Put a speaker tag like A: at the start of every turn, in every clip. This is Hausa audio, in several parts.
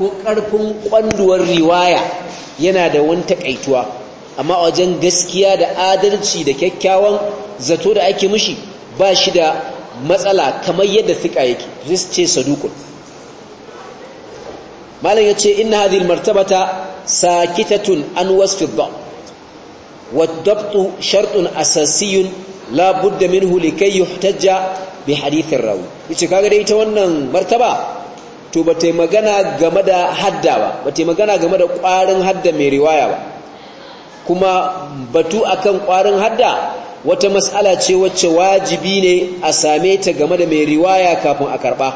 A: ko ƙarfin kwanduwar riwaya yana da wani takaituwa amma wajen gaskiya da adalci da kyakkyawan zato da ake mishi ba shi da matsala kamar yadda fika yake zai ce sadukun malam ya ce inna hadhihi martabata sakitatun an wasfi dhab wa dabtu shartun asasiyun la budda minhu likay yuhtajja bi hadithin rawi yace kaga dai ita wannan martaba to ba ta yi magana game da hadda ba ba ta magana game da ƙwarin hadda mai riwaya ba kuma batu akan ƙwarin hadda wata matsala ce wacce wajibi ne a same ta game da mai riwaya kafin a karɓa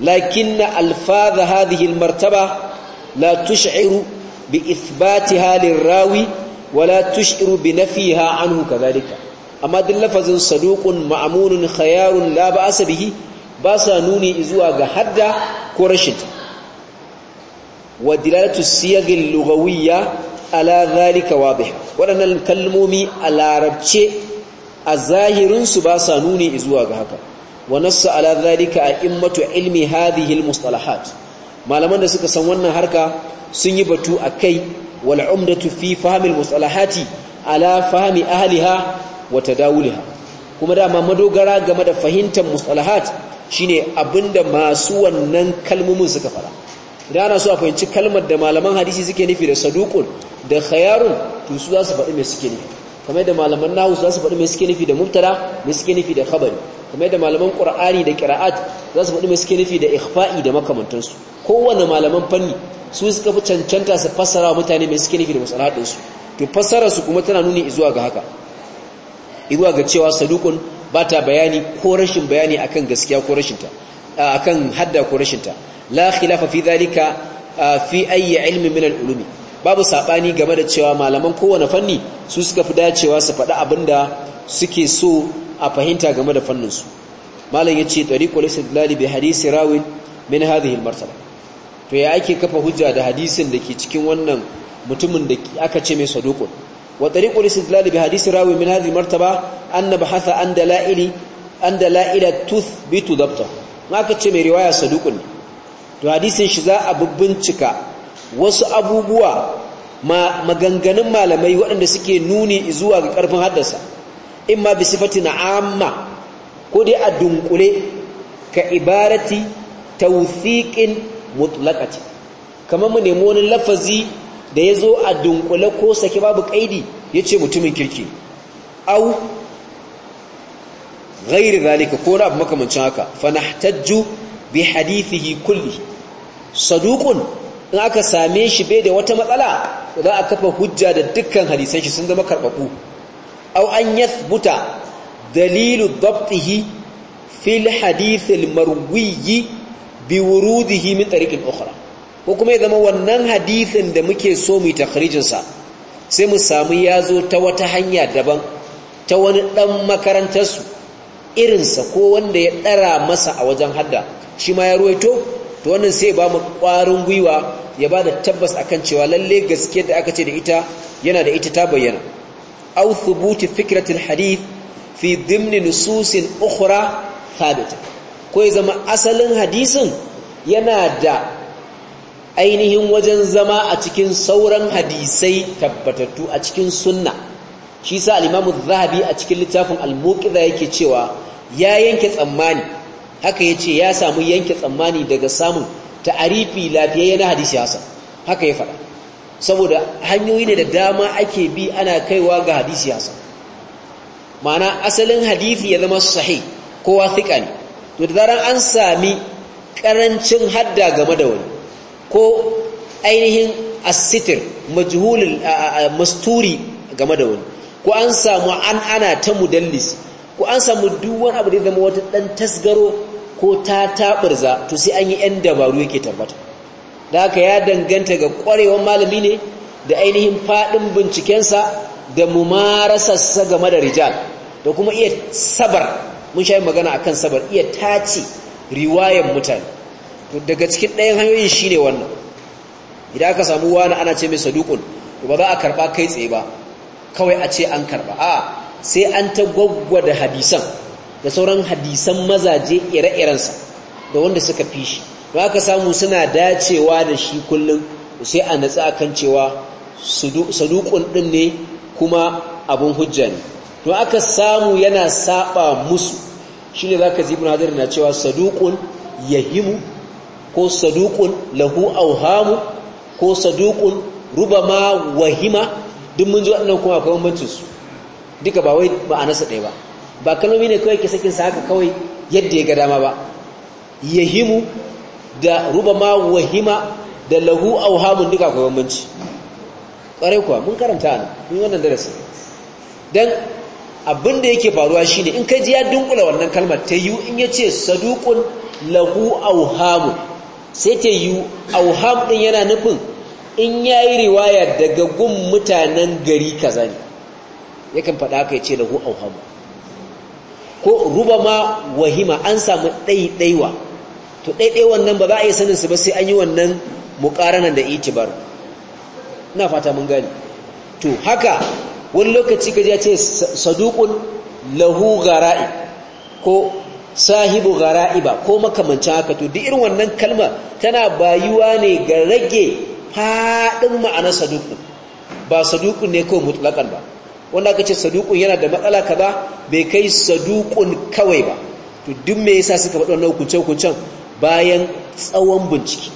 A: lakin na alfaza hadihil martaba la tushiru bi ithbati halin rawi wala tushiru bi nafiha anhu kazalika amma duk lafazin saduƙun ma'amunin khayarun la ba'asa bihi ba sa nuni zuwa ga hadda ko rashin wa dilalatu siyagil lughawiyya ala zalika wadih waɗannan kalmomi a larabce a zahirin su ba sa nuni zuwa ga haka wa nassu ala zalika a immatu ilmi hadhihi almustalahat malaman da suka san wannan harka sun yi batu akai wal umdatu fi fahmi almustalahati ala fahmi ahliha wa tadawulha kuma dama madogara game da fahimtar mustalahat shine abinda masu wannan kalmomin suka fara idan ana so a fahimci kalmar da malaman hadisi suke nufi da saduqun da khayarun to su za su faɗi me suke nufi kamar da malaman nahwu za su faɗi me suke nufi da mubtada me suke nufi da khabari kamar da malaman qur'ani da qira'at za su faɗi me suke nufi da ikhfa'i da makamantansu kowanne malaman fanni su suka fi cancanta su fassara mutane me suke nufi da masalahatin su to fassara kuma tana nuni zuwa ga haka zuwa ga cewa saduqun ba ta bayani ko rashin bayani akan gaskiya ko rashinta akan hadda ko rashinta la khilafa fi dhalika fi ayi ilmi min al-ulumi babu sabani game da cewa malaman kowane fanni su suka fi dacewa su faɗi abinda suke so a fahimta game da fannin su malam yace tariqul istidlal bi hadisi rawin min hadhihi al-martaba to ya ake kafa hujja da hadisin da ke cikin wannan mutumin da aka ce mai saduqul وطريق الاستدلال بحديث راوي martaba هذه المرتبة أن بحث عن دلائل عن دلائل تثبت ضبطه ما كتش من رواية صدوقنا to hadisin shi za a bincika wasu abubuwa maganganun malamai waɗanda suke nuni zuwa ga ƙarfin haddasa imma bi na amma ko a dunkule ka ibarati tawthiqin mutlaqati kamar mu nemi wani lafazi da ya zo a dunkule ko sake babu kaidi ya ce mutumin kirki au ghairi zalika ko na abu makamancin haka fanahtajju bi hadithihi kulli saduqun in aka same shi bai da wata matsala za a kafa hujja da dukkan hadisan shi sun zama karbabu au an yathbuta dalilu dabtihi fil hadith al marwi bi wurudihi min tariqin ukhra ko kuma ya zama wannan hadithin da muke so mu takrijinsa sai mu samu ya zo ta wata hanya daban ta wani ɗan makarantarsu irinsa ko wanda ya ɗara masa a wajen hadda shi ma ya ruwaito to wannan sai ba mu ƙwarin gwiwa ya ba da tabbas kan cewa lalle gaske da aka ce da ita yana da ita ta bayyana aw thubuti fikratil hadith fi dimni nususin ukhra thabita ko ya zama asalin hadisin yana da ainihin wajen zama a cikin sauran hadisai tabbatattu a cikin sunna shi sa al zahabi a cikin littafin al-muqidha yake cewa ya yanke tsammani haka yace ya samu yanke tsammani daga samun ta'arifi lafiyayye na hadisi hasan haka ya faɗa saboda hanyoyi ne da dama ake bi ana kaiwa ga hadisi hasan ma'ana asalin hadisi ya zama sahih ko thiqa ne to da zaran an sami karancin hadda game da wani ko ainihin asitir majhulul masturi game da wani ko an samu an ana ta mudallis ko an samu duwan abu da zama wata dan tasgaro ko ta taburza to sai an yi 'yan dabaru yake tabbata da haka ya danganta ga ƙwarewar malami ne da ainihin faɗin bincikensa da mumarasarsa game da rijal da kuma iya sabar mun sha magana a kan sabar iya tace riwayan mutane to daga cikin ɗayan hanyoyin shine wannan idan aka samu wani ana ce mai sadukun ba za a karɓa kai tsaye ba kawai a ce an karɓa a sai an ta da hadisan da sauran hadisan mazaje ire-irensa da wanda suka fi shi don aka samu suna dacewa da shi kullum sai a natsa kan cewa sadukun ɗin ne kuma abun hujja ne to aka samu yana saɓa musu shine zaka ji ibn hajar na cewa sadukun yahimu ko saduƙun lahu auhamu ko saduqun rubama wahima duk mun ji waɗannan kuma akwai bambancin su duka ba wai nasa ɗaya ba ba kalmomi ne kawai ke sakin sa haka kawai yadda ya ga dama ba yahimu da rubama wahima da lahu auhamu duka akwai bambanci ƙwarai kuwa mun karanta ana mun wannan darasi dan abin da yake faruwa shine in kai ji ya dunkula wannan kalmar ta yi in yace saduƙun lahu auhamu sai ta yi auham ɗin yana nufin in ya yi riwaya daga gun mutanen gari kaza ne yakan faɗa aka ce lahu auham. ko ruba ma wahima an samu ɗaiɗaiwa to ɗaiɗaiwan nan ba za a yi sanin su ba sai an yi wannan muƙaranan da iti bar ina fata mun gani to haka wani lokaci ka ce saduƙun lahu gara'i ko sahibu gara'iba ko makamancin haka to duk irin wannan kalma tana bayuwa ne ga rage faɗin ma'anar saduku ba saduku ne kawai mutlaqan ba wanda aka ce yana da matsala kaza bai kai sadukun kawai ba to duk me yasa suka faɗa wannan hukuncen hukuncen bayan tsawon bincike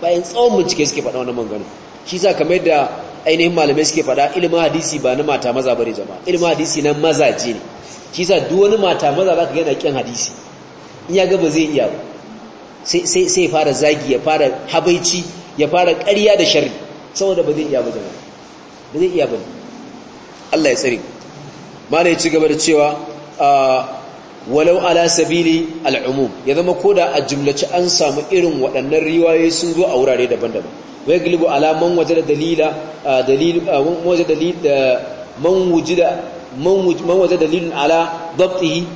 A: bayan tsawon bincike suke faɗa wannan mangano shi yasa kamar da ainihin malamai suke faɗa ilimin hadisi ba na mata maza bane jama'a ilimin hadisi na mazaje ne shi sa duk wani mata maza za ka gana kyan hadisi in ya gaba zai iya sai ya fara zagi ya fara habaici ya fara ƙarya da shari saboda ba zai iya ba zama ba zai iya ba Allah ya tsare yi ci gaba da cewa ah, walau ala sabili al'umum ya zama da a jimlaci an samu irin waɗannan riwaye sun zo a wurare daban-daban wai gilibu man waje da dalila ah, ah, man wujida man waje dalilin ala dabtihi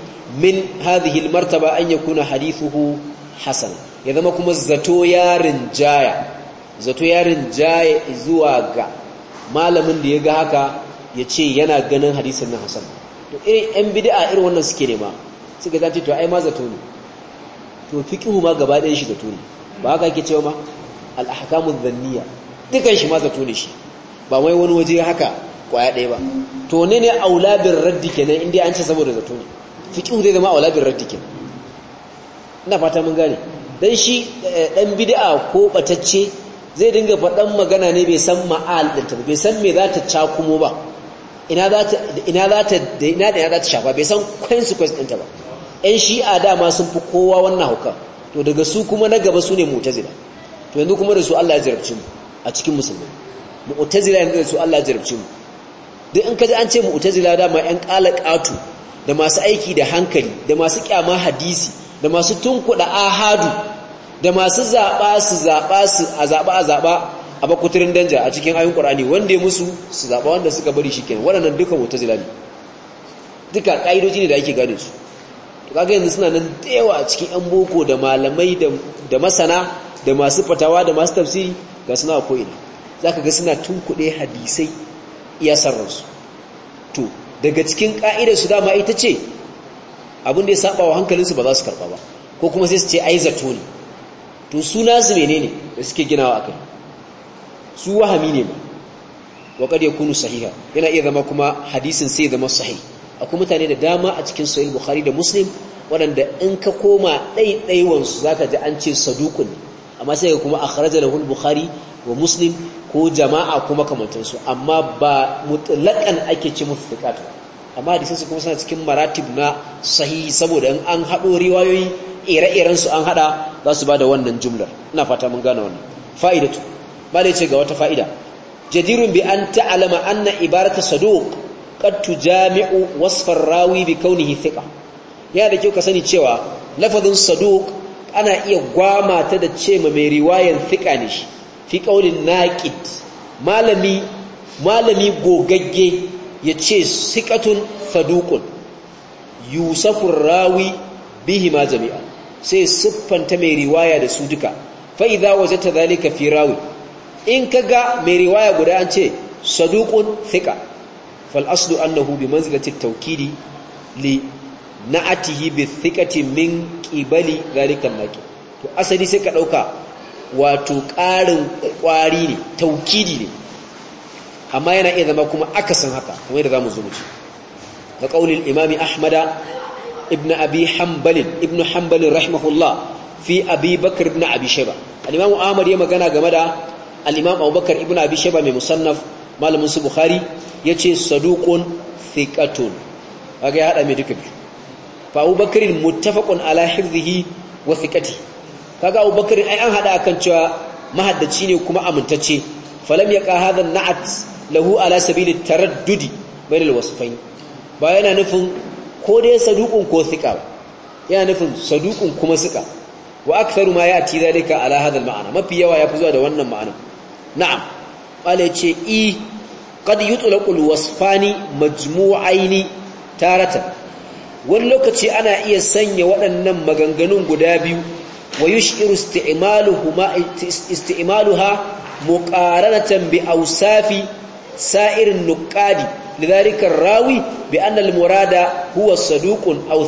A: min hadhihi martaba an ya kuna hadithuhu hasan ya zama kuma zato yarin jaya zato yarin jaya zuwa ga malamin da ya ga haka ya ce yana ganin hadisin na hasan to irin yan bid'a irin wannan suke nema suka zace to ai ma zato ne to fiqhu ma gaba ɗayan shi zato ne ba haka yake cewa ma al-ahkamu dhanniya ma zato ne shi ba wai wani waje haka kwaya ɗaya ba to ne ne aula bin raddi inda an ce saboda zato ne fiqhu zai zama aula bin raddi kenan ina fata mun gane don shi ɗan eh, bid'a ko ɓatacce zai dinga faɗan magana ne bai san ma'al ɗinta ta bai san me za ta cakumo ba ina za ta da ina da za ta shafa bai san consequence din ta ba ɗan shi'a dama sun fi kowa wannan hauka to daga su kuma na gaba su ne mu'tazila to yanzu kuma da su Allah ya jarabce mu a cikin musulmi mu'tazila yanzu da su Allah ya jarabce mu duk in kaji an ce mu'tazila ma yan qalaqatu da masu aiki da hankali da masu ƙyama hadisi da masu tunkuda ahadu da masu zaba su zaba su a zaba a zaba a bakuturin danja a cikin ayin qur'ani wanda musu su zaba wanda suka bari kenan waɗannan duka mu'tazila ne duka kaidoji ne da ake gane su to kaga yanzu suna nan da yawa a cikin yan boko da malamai da masana da masu fatawa da masu tafsiri ga suna ko'ina zaka ga suna tunkuɗe hadisai iya sarransu to daga cikin ka'idar su dama ita ce abin da ya saba wa hankalinsu ba za su karba ba ko kuma sai su ce ai zato ne to suna su menene da suke ginawa kai su wahami ne ma wa kad kunu sahiha yana iya zama kuma hadisin sai zama sahih akwai mutane da dama a cikin sahil bukhari da muslim waɗanda in ka koma ɗaiɗaiwansu za ka ji an ce saduƙun amma sai kuma a kharaja da bukhari wa muslim ko jama'a ko makamantansu amma ba mutlaƙan ake ce musu thiqatu amma hadisan su kuma suna cikin maratib na sahi saboda in an haɗo riwayoyi ire-iren su an haɗa za su da wannan jumlar ina fata mun gane wannan Fa'ida ba da ce ga wata fa'ida jadirun bi an ta'alama anna ibarata saduq qad tujami'u wasfar rawi bi kaunihi thiqa yana da kyau ka sani cewa lafazin saduq ana iya gwamata da ce mai riwayan thiqa ne fi ƙaunin naƙid malami gogagge ya ce sikatun fadukun yusufun rawi bihi ma jami'a sai siffanta mai riwaya da su duka fa'iza waje ta ka fi rawi in ka ga mai riwaya guda an ce sadukun fika fal'aslu annahu bi manzilatin taukidi li na'atihi bi thikati min zane kan naƙi to asali sai ka ɗauka. wato ƙarin ƙwari ne taukidi ne amma yana iya zama kuma akasin haka kuma yadda za mu zo mutu ƙaunin imami ahmada ibn abi ibn hambalin rahimahullah fi abi bakar ibn abi sheba al'imamu ahmad ya magana game da al'imam abubakar ibn abi sheba mai musannaf malamin su bukhari ya ce saduƙun thiƙatun aga ya haɗa mai duka biyu fa abubakarin muttafaƙun ala hirzihi wa kaga abubakar ai an hada akan cewa mahaddaci ne kuma amintacce falam yaqa hadha na'at lahu ala sabili taraddudi bainal wasfain ba yana nufin ko dai saduqun ko yana nufin saduqun kuma sika wa aktharu ma ya'ti zalika ala hadha al mafi yawa yafi zuwa da wannan ma'ana na'am wala yace i qad yutlaqu al-wasfani majmu'aini taratan wani lokaci ana iya sanya waɗannan maganganun guda biyu wa yushiru isti'maluhuma isti'maluha muqaranatan bi awsafi sa'irin nuƙadi lidhalika rawi bi anna al-murada huwa saduqun aw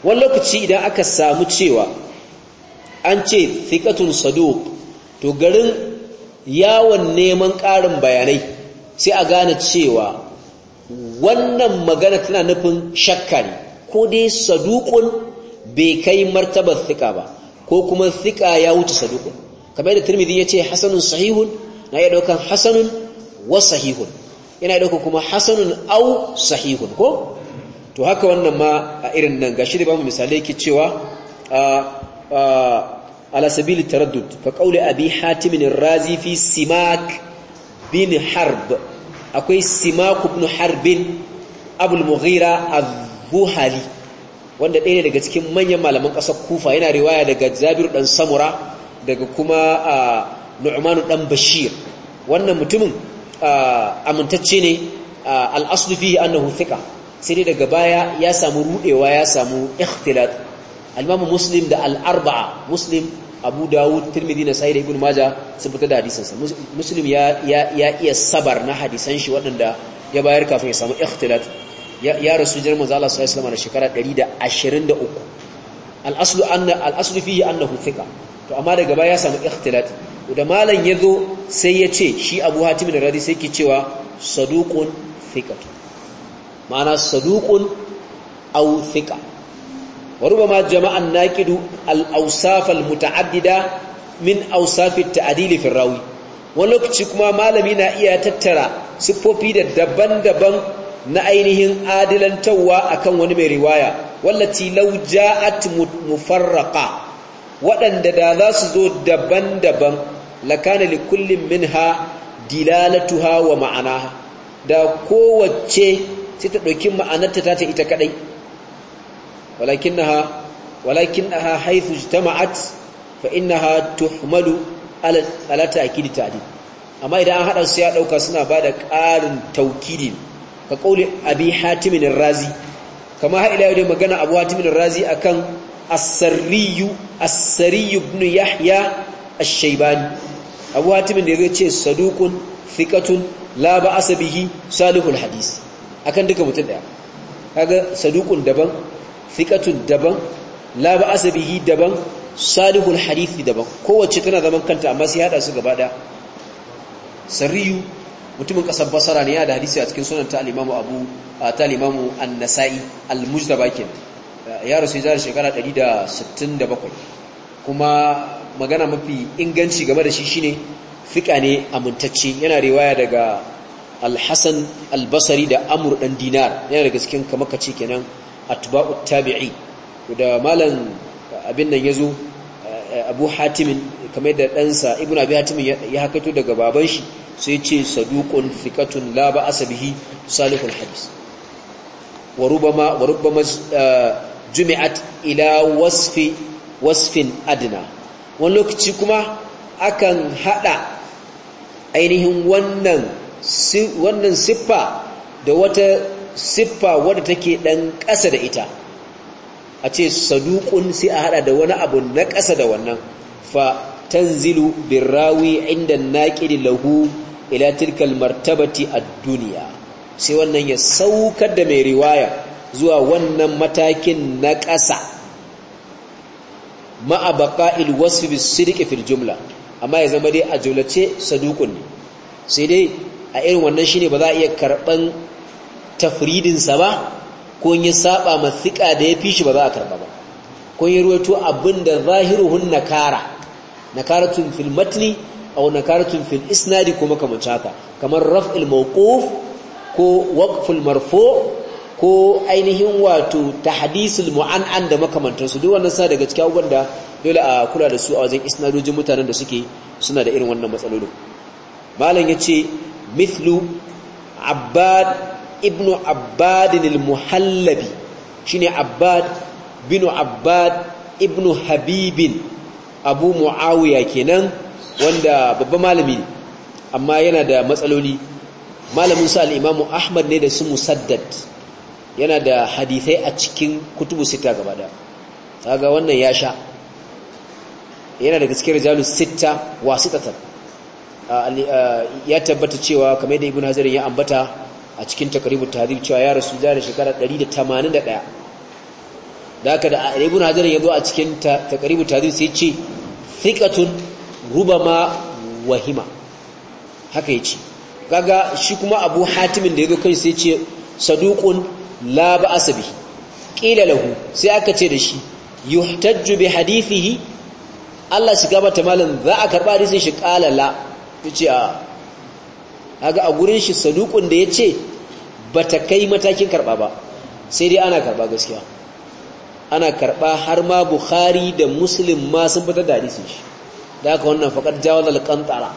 A: Wani lokaci idan aka samu cewa an ce thiqatun saduq to garin yawon neman ƙarin bayanai sai a gane cewa wannan magana tana nufin shakka ko dai saduqun bai kai martabar thika ba ko kuma thiqa ya wuce saduqun kamar da tirmidhi yace hasanun sahihun na ya daukan hasanun wa sahihun yana daukan kuma hasanun au sahihun ko to haka wannan ma a irin nan gashi da bamu misalai yake cewa ala sabili taraddud fa qawli abi hatim ar-razi fi simak bin harb akwai simak ibn harbin abul mughira az-zuhali wanda ɗaya daga cikin manyan malaman ƙasar kufa yana riwaya daga jabir ɗan samura daga kuma nu'manu ɗan bashir wannan mutumin amintacce ne al'aslu fihi annahu thiqa sai dai daga baya ya samu rudewa ya samu ikhtilat al-imam muslim da al-arba'a muslim abu dawud tirmidhi na sa'id ibn majah sun fita da sa muslim ya ya iya sabar na hadisan shi waɗanda ya bayar kafin ya samu ikhtilat ya rasu jiran manzo Allah sallallahu alaihi a shekara 123 al-aslu anna al-aslu to amma daga baya ya samu ikhtilat da ya yazo sai ya ce shi Abu Hatim da Radi sai ke cewa saduqun thiqatu ma'ana saduqun aw thiqa wa ma jama'an an-naqidu al mutaaddida min awsaf at firrawi rawi wani lokaci kuma malami na iya tattara siffofi da daban-daban na ainihin adilantawa akan wani mai riwaya wallati law ja'at mufarraqa waɗanda da za su zo daban-daban lakana li ha minha dilalatuha wa ma'anaha da kowace sai ta ɗauki ma'anarta ta ta ita kadai walakinnaha walakinaha haythu ijtama'at fa innaha tuhmalu ala ta'kid ta'dil amma idan an hada su ya ɗauka suna ba da ƙarin taukidi ka kauli abi hatimin razi kama ha ila yau magana abu hatimin razi akan as-sarriyu as-sariyu ibn yahya ash-shaybani abu hatimin da zai ce saduqun thiqatun la ba'asa bihi salihul hadis akan duka mutum daya kaga saduqun daban thiqatun daban la ba'asa bihi daban salihul hadisi daban kowace tana zaman kanta amma sai hada su gaba daya sarriyu mutumin kasar basara ne ya da hadisi a cikin sunan ta al-imamu abu ta al-imamu shekara ɗari da sittin ya rasu ya shekara 167 kuma magana mafi inganci game da shi shine fika ne amintacce yana riwaya daga alhassan albasari da amr dan dinar yana daga cikin kamar kace kenan atba'u tabi'i da malam abin nan yazo eh, abu hatimin kamar da ɗansa ibn abi hatim ya hakato daga baban shi sai ce saduqun thiqatun la ba'asa bihi salihul hadis wa rubama eh, jumi'at ila wasfi wasfin adna wani lokaci kuma akan hada ainihin wannan wannan siffa da wata siffa wadda take dan ƙasa da ita a ce saduqun sai a hada da wani abu na ƙasa da wannan fa tanzilu birrawi inda naƙidi lahu ila tilkal martabati a duniya sai wannan ya saukar da mai riwaya zuwa wannan matakin na ƙasa ma'a baƙa'il bis bisirƙi fil jumla amma ya zama dai a jumlace sadukun ne sai dai a irin wannan shine ba za a iya karɓan tafridinsa ba ko ya saba ma da ya fi shi ba za a karɓa ba ko yi ruwaito abin da zahiruhun nakara nakaratun fil matni aw nakaratun fil isnadi ko makamancin haka kamar raf'il mawquf ko waqful marfu ko ainihin wato tahdisul mu'an'an da makamantansu duk wannan sa daga cikin abubuwan da dole a kula da su a wajen isnadojin mutanen da suke suna da irin wannan matsaloli malam yace mithlu abbad ibnu abbad al-muhallabi shine abbad bin abbad ibnu habibin abu mu'awiya kenan wanda babba malami ne amma yana da matsaloli malamin sa al-imamu ahmad ne da su musaddad yana da hadithai a cikin kutubu sita gaba da kaga wannan ya sha yana daga cikin rijalus sita wasitatan ya tabbata cewa kamar da ibnu hazarin ya ambata a cikin takribut tahdhib cewa ya rasu da shekara 181 da haka da ibn hazarin ya zo a cikin takaribu tahdhib sai ce thiqatun rubama wahima haka yace kaga shi kuma abu hatimin da yazo kai sai ce saduqun la ba'sa qila lahu sai aka ce da shi yuhtajju bi hadithihi Allah gaba ta malam za a karba hadisin shi qala la yace a kaga a gurin shi saduqun da yace bata kai matakin karba ba sai dai ana karba gaskiya ana karɓa har ma bukhari da muslim ma sun fitar da hadisin shi da haka wannan faqad jawaz al-qantara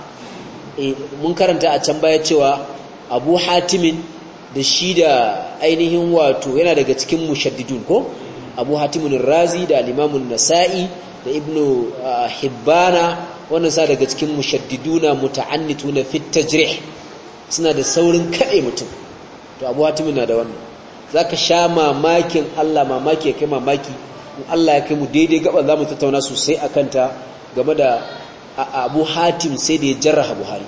A: eh, mun karanta a can baya cewa abu hatimin da shi da ainihin wato yana daga cikin mushaddidun ko abu hatimin razi da al nasa'i da ibnu ah, hibbana wannan sa daga cikin mushaddiduna muta'annituna fit tajrih suna da saurin kade mutum to abu hatimin na da wannan za ka sha mamakin Allah mamaki ya kai mamaki in Allah ya kai mu daidai gaba za mu tattauna sosai a kanta game da abu hatim sai da ya jarraha buhari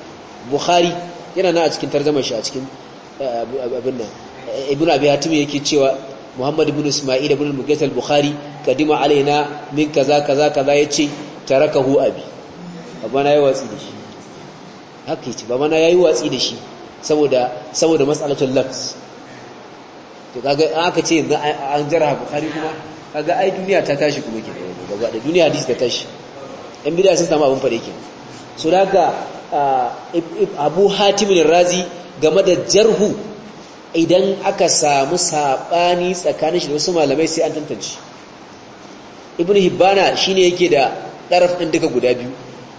A: buhari yana na a cikin tarzama shi a cikin eh, abin nan eh, ibn abi hatim yake cewa muhammad ibn isma'il ibn mughith al-bukhari kadima alaina min kaza kaza kaza yace tarakahu abi abana yayi watsi da shi haka yace babana yayi watsi da shi saboda saboda mas'alatul lafz to kaga an aka ce yanzu an jarha bukhari kuma kaga ai duniya ta tashi kuma ke gaba da duniya hadisi ta tashi yan bid'a sun samu abin fare ke so daga abu hatim razi game da jarhu idan aka samu sabani tsakanin shi da wasu malamai sai an tantance ibnu hibbana shine yake da daraf din duka guda biyu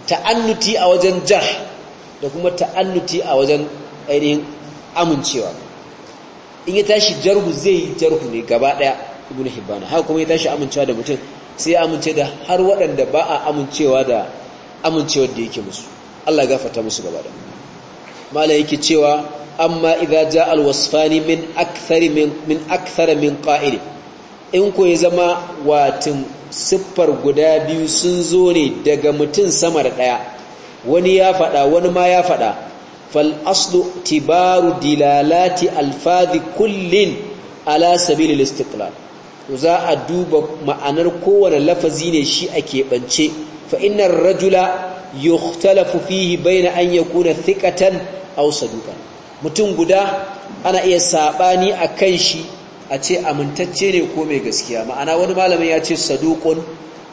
A: ta'annuti a wajen jarh da kuma ta'annuti a wajen ainihin amincewa in ya tashi jarhu zai yi jarhu ne gaba daya ibn hibban haka kuma ya tashi amincewa da mutum sai ya amince da har waɗanda ba a amincewa da amincewar da yake musu Allah ya gafarta musu gaba daya malai yake cewa amma idza jaa wasfani min akthari min min akthara min qa'il in ko ya zama watin siffar guda biyu sun zo ne daga mutum sama da daya wani ya faɗa wani ma ya faɗa fal aslu tibaru dilalati alfazi kullin ala sabilil istiqlal za a duba ma'anar kowane lafazi ne shi a keɓance fa innar rajula yukhtalafu fihi bayna an yakuna thiqatan aw saduqan mutum guda ana iya sabani akan shi a ce amintacce ne ko mai gaskiya ma'ana wani malamin ya ce saduqun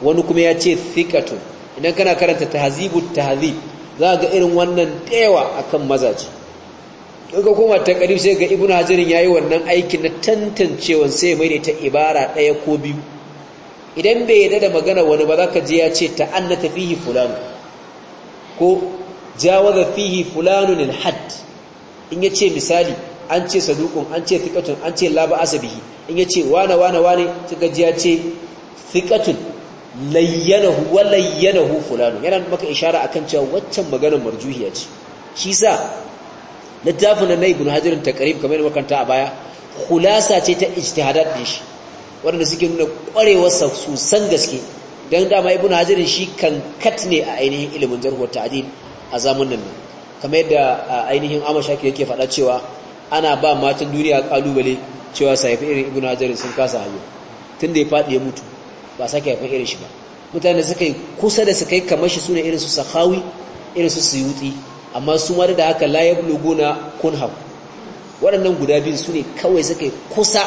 A: wani kuma ya ce thiqatun idan kana karanta tahzibut tahzib za ga irin wannan dewa akan mazaji ga kuma ta karib sai ga ibnu hajarin yi wannan aikin na tantancewan sai mai da ta ibara daya ko biyu idan bai yadda da magana wani ba za ka je ya ce ta annata fihi fulan ko jawaza fihi fulanun al had in yace misali an ce saduqun an ce thiqatun an ce la ba'asa in yace wana wana wane sai ka je ya ce thiqatun layyanahu wa layyanahu fulanu yana maka ishara akan cewa waccan maganar marjuhiya ce shi sa littafin na ibn hajarin kama kamar makanta a baya khulasa ce ta ijtihadat din shi waɗanda suke nuna kwarewar sa san gaske dan dama ibn hajarin shi kan kat ne a ainihin ilimin jarh wa ta'dil a zamanin nan kamar yadda ainihin amashaki yake faɗa cewa ana ba matan duniya kalubale cewa sai irin ibn hajarin sun kasa hayo tunda ya faɗi ya mutu ba sake haifan irin shi ba mutane suka yi kusa da suka yi kamar shi sune irin su sahawi irin su suyuti amma su ma da haka la luguna na kunhab waɗannan guda biyu su ne kawai suka yi kusa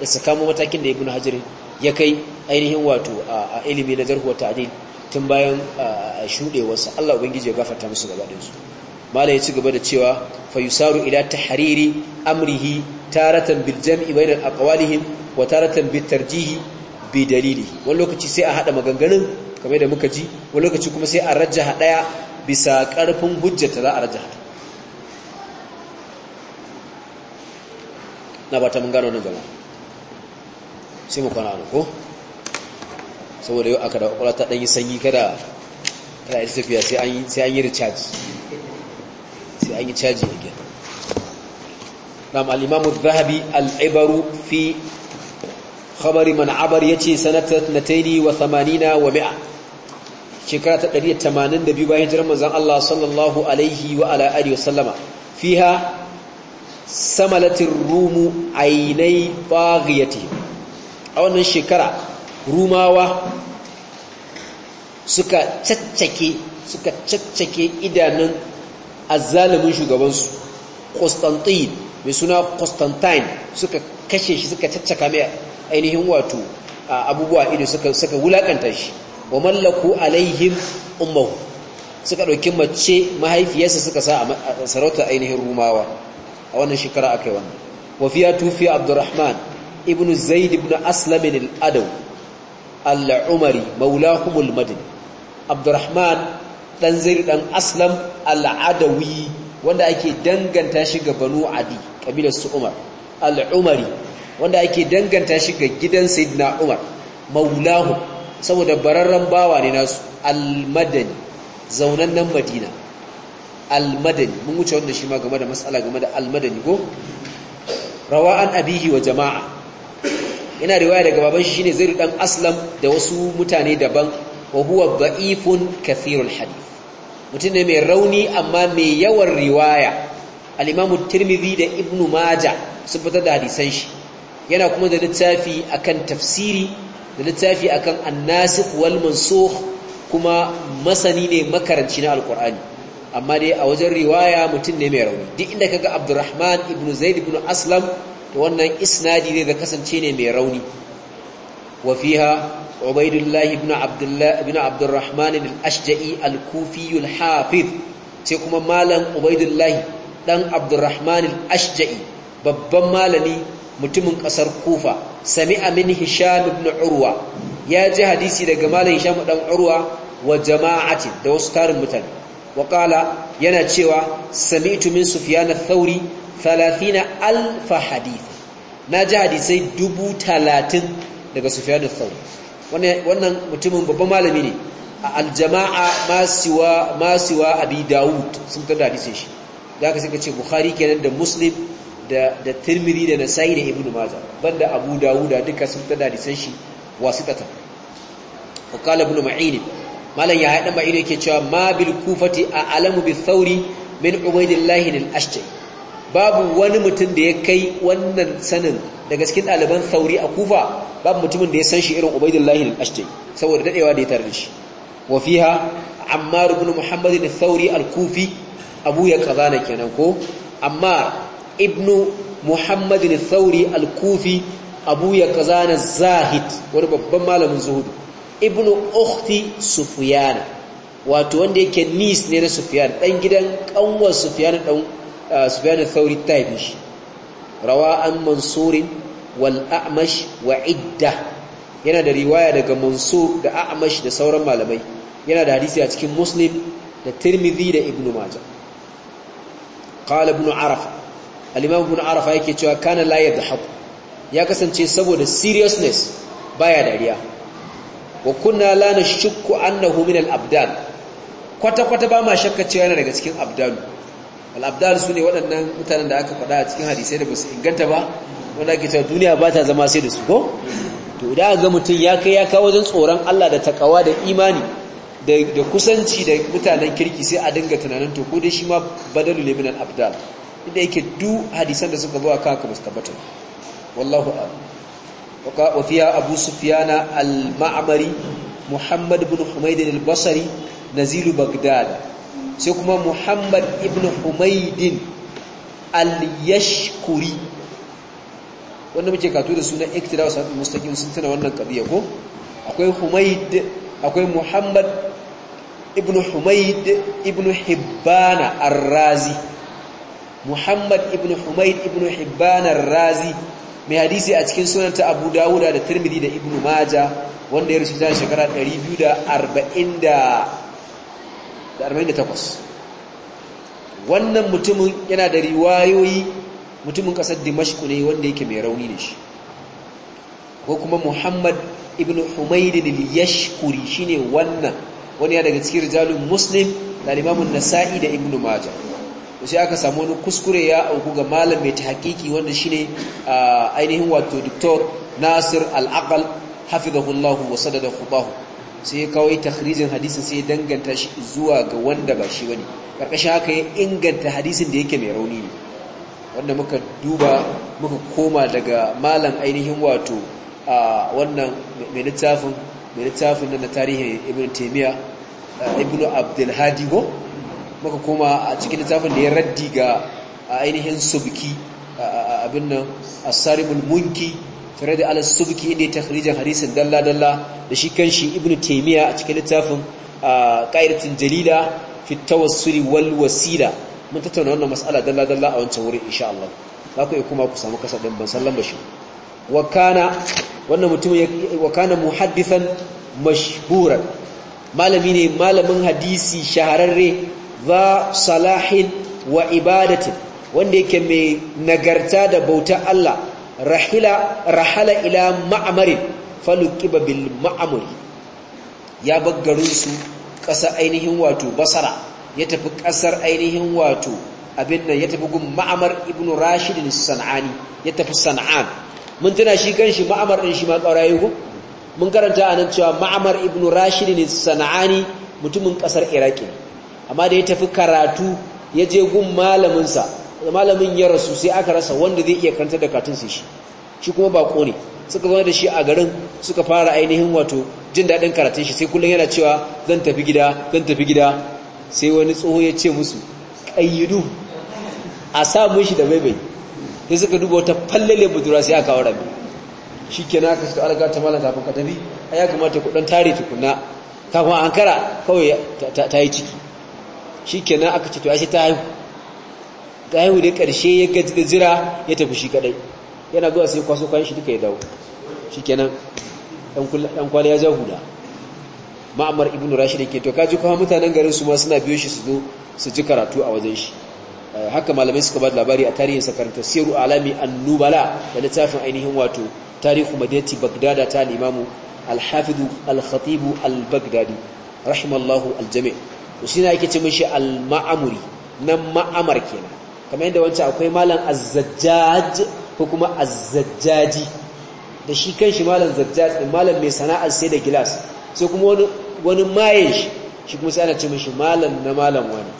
A: da su kama matakin da ibn hajar ya kai ainihin wato a ilimi na jarhuwar ta'adil tun bayan shuɗewarsa Allah ubangiji ya gafarta musu gaba ɗinsu mala ya ci gaba da cewa fayusaru ila tahariri amrihi taratan bil jam'i bainal aqwalihim wa taratan bit tarjihi bi dalili wani lokaci sai a haɗa maganganun kamar da muka ji wani lokaci kuma sai a rajaha ɗaya bisa ƙarfin hujjata za a rajaha na ba ta mun gano nan gaba sai mu kwana ko saboda yau aka da kwakwala ta ɗanyi sanyi kada ta a tafiya sai an yi recharge sai an yi caji again na al'imamu zahabi al'ibaru fi khabari man abar yace sanata 82 wa mi'a shekara ta 182 bayan hijirar manzon Allah sallallahu alaihi wa ala alihi wasallama fiha samalatir rumu ainai baghiyati a wannan shekara rumawa suka caccake suka caccake idanun azzalumin shugabansu Constantine mai suna constantine suka kashe shi suka caccaka mai ainihin wato abubuwa ido suka suka wulakanta shi wa mallaku alaihim ummuhu suka ɗauki mace mahaifiyarsa suka sa a sarauta ainihin rumawa a wannan shekara akai wannan wa tufi abdurrahman ibnu zaid ibn aslam al-adaw al-umari maulahum abdurrahman ɗan zaid ɗan aslam al wanda ake danganta shi ga banu adi kabilar su umar al'umari wanda ake danganta shi ga gidan sayyidina umar maulahu saboda bararren bawa ne nasu al-madani zaunan nan madina al-madani mun wuce wanda shi ma game da matsala game da almadani ko rawa an abihi wa jama'a yana riwaya daga baban shi shine zai ɗan aslam da wasu mutane daban wa huwa ba'ifun kathirul hadith mutum ne mai rauni amma mai yawan riwaya al-imamu tirmidhi da ibnu maja sun fitar da hadisan shi yana kuma da littafi akan tafsiri da littafi akan annasikh wal mansukh kuma masani ne makaranci na alqur'ani amma dai a wajen riwaya mutum ne mai rauni duk inda kaga abdurrahman ibnu zaid ibnu aslam to wannan isnadi ne da kasance ne mai rauni Wafiha عبيد الله بن عبد الله بن عبد الرحمن الأشجعي الكوفي الحافظ سيكما مالا عبيد الله دان babban malami mutumin kasar kufa sami'a min Hishami ibn urwa ya ji hadisi daga malam hisham dan urwa wa jama'atin da wasu tarin mutane wa yana cewa sami'tu min sufyan ath-thauri 30000 hadith na ji hadisai dubu talatin. daga sufiyar al-Thawri wannan mutumin babban malami ne a aljama'a masuwa masiwa Abi Dawud sun tada hadisin shi zaka suka ce Bukhari kenan da Muslim da da Tirmidhi da Nasa'i da Ibn Majah banda Abu Dawuda duka sun tada hadisin shi wasitatan wa qala Ibn Ma'in malan ya haɗa Ma'in yake cewa ma bil kufati a alamu bi thawri min Ubaydillah al-Ashja'i babu wani mutum da ya kai wannan sanin daga cikin ɗaliban sauri a kufa babu mutumin da ya san shi irin ubaidullahi al ashe saboda daɗewa da ya tare da shi wa fiha ammar ibn muhammad al sauri al-kufi abu ya kazana kenan ko amma ibn muhammad al sauri al-kufi abu ya kazana zahid wani babban malamin zuhudu ibn ukhti sufyan wato wanda yake nis ne na sufyan ɗan gidan ƙanwar sufyan dan سفيان الثوري التايبش روى عن منصور والأعمش وعدة yana da riwaya daga Mansur da A'mash da sauran malamai yana da hadisi a cikin Muslim da Tirmidhi da Ibn Majah qala Ibn Arafa al-Imam Ibn yake cewa kana la yadhhak ya kasance saboda seriousness baya dariya wa kunna la annahu minal al-abdan kwata kwata ba ma shakka cewa yana daga cikin abdan al'abdal su ne waɗannan mutanen da aka faɗa a cikin hadisai da basu inganta ba wanda ke cewa duniya ba ta zama sai da su ko to da ga mutum ya kai ya kawo wajen tsoron Allah da takawa da imani da kusanci da mutanen kirki sai a dinga tunanin to ko dai shi ma badalu ne min abdal inda yake du hadisan da suka zo akan haka ba su tabbata wallahu a'lam abu sufiyana al muhammad bin humayd al basari nazilu sai kuma muhammad ibn humaydin al-yashkuri wanda muke katu da sunan iktida wa sa'adun mustaƙin sun tuna wannan ƙabiya ko akwai akwai muhammad ibn humayd ibn hibbana al razi muhammad ibn humayd ibn hibbana al razi mai hadisi a cikin sunanta abu dawuda da turmidi da ibn maja wanda ya rushe ta shekara 240 wannan mutumin yana da riwayoyi mutumin kasar dimashku ne wanda yake mai rauni ne shi ko kuma muhammad ibn humaydin al-yashkuri shine wannan wani ya daga cikin rijalun muslim da limamun nasa'i da ibn majah to sai aka samu wani kuskure ya auku ga malam mai ta tahqiqi wanda shine ainihin wato doktor nasir al-aqal hafizahullahu wa sadada khubahu sai kawai takhrijin hadisin sai danganta shi zuwa ga wanda ba shi bane karkashin haka ya inganta hadisin da yake mai rauni ne wanda muka duba muka koma daga malam ainihin wato a wannan mai littafin mai na tarihin ibn taymiya ibn abdul hadi go muka koma a cikin littafin da ya raddi ga ainihin subki abin nan asaribul munki tare da alas subki inda ya takhrijin hadisin dalla dalla da shi kanshi ibnu taymiya a cikin littafin qairatin Dalila. fi tawassuli wal wasila mun tattauna wannan mas'ala dalla dalla a wancan wurin insha Allah za ku iya kuma ku samu kasa din ban sallan ba shi wa kana wannan mutum wa kana muhaddithan mashhuran malami ne malamin hadisi shahararre za salahin wa ibadatin wanda yake mai nagarta da bautar Allah rahila rahala ila ma'amarin falukiba bil ma'amuri ya baggarin su ƙasa ainihin wato basara ya tafi ƙasar ainihin wato abin nan ya tafi gun ma'amar ibn rashidin san'ani ya tafi san'an mun tana shi kanshi ma'amar din shi ma ƙauraye ku mun karanta a nan cewa ma'amar ibn rashidin san'ani mutumin ƙasar iraki amma da ya tafi karatu ya je gun malaminsa da malamin ya rasu sai aka rasa wanda zai iya karanta da katun sai shi shi kuma ba ne suka zama da shi a garin suka fara ainihin wato jin daɗin karatun shi sai kullum yana cewa zan tafi gida zan tafi gida sai wani tsoho ya ce musu ƙayyudu a samun shi da baibai sai suka duba wata fallale budura sai aka wara shi ke na aka suka alaga ta malam kafin ka tafi a ya kamata kuɗan tare tukuna kafin ankara kawai ta yi ciki shi ke na aka ce to ya shi ta haihu ga yahu da karshe ya gaji da jira ya tafi shi kadai yana zuwa sai kwaso kwayan shi duka ya dawo shikenan dan kwali ya ja huda ma'amar ibnu rashid yake to kaji kuma mutanen garin su ma suna biyo shi su zo su ji karatu a wajen shi eh, haka malamai suka ba da labari a tarihin karanta siru alami annubala da littafin ainihin wato tarihu madinati bagdada ta limamu alhafidu alkhatibu albagdadi rahimallahu aljami' to shi ne ake ce mishi alma'amuri nan ma'amar kenan kamar yadda wancan akwai malam azzajjaj ko kuma azzajjaji da shi kanshi malam zajjaj din malam mai sana'ar sai da gilas sai kuma wani wani maye shi shi kuma sai ana ce mishi malam na malam wani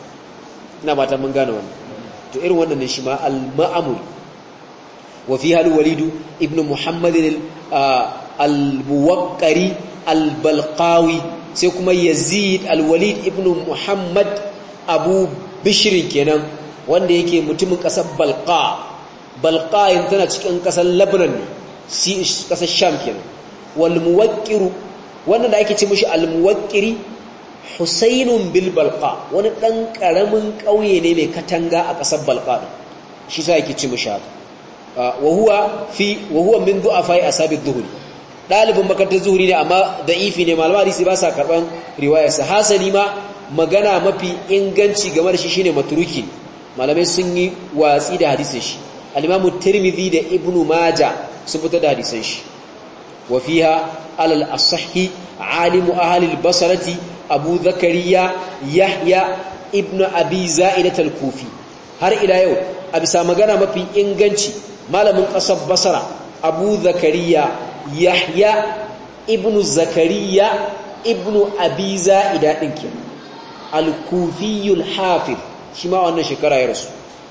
A: ina ba mun gane wani to irin wannan ne shi ma al-ma'mur wa fi hal walid ibn muhammad al-muwaqqari al-balqawi sai kuma yazid al-walid ibn muhammad abu bishir kenan wanda yake mutumin ƙasar balqa balqa tana cikin kasar labnan ne si kasar sham kenan wanda da ake ce mishi al muwaqqiri husainun bil wani ɗan karamin ƙauye ne mai katanga a kasar balqa shi sai yake ce mishi haka ah, Wahuwa fi wa huwa min du'afai dalibin makarantar zuhuri ne amma da'ifi ne malama sai ba sa karban riwayarsa hasali ma magana mafi inganci game da shi shine maturuki. malamai sun yi watsi da hadisin shi alimamu tirmidhi da ibnu maja su fita da hadisin shi wa fiha alal asahi alimu ahli al-basrati abu zakariya yahya ibnu abi za'idat al-kufi har ila yau a bisa magana mafi inganci malamin kasar basra abu zakariya yahya ibnu zakariya ibnu abi za'ida dinki al-kufiyul hafiz shi ma wannan shekara ya rasu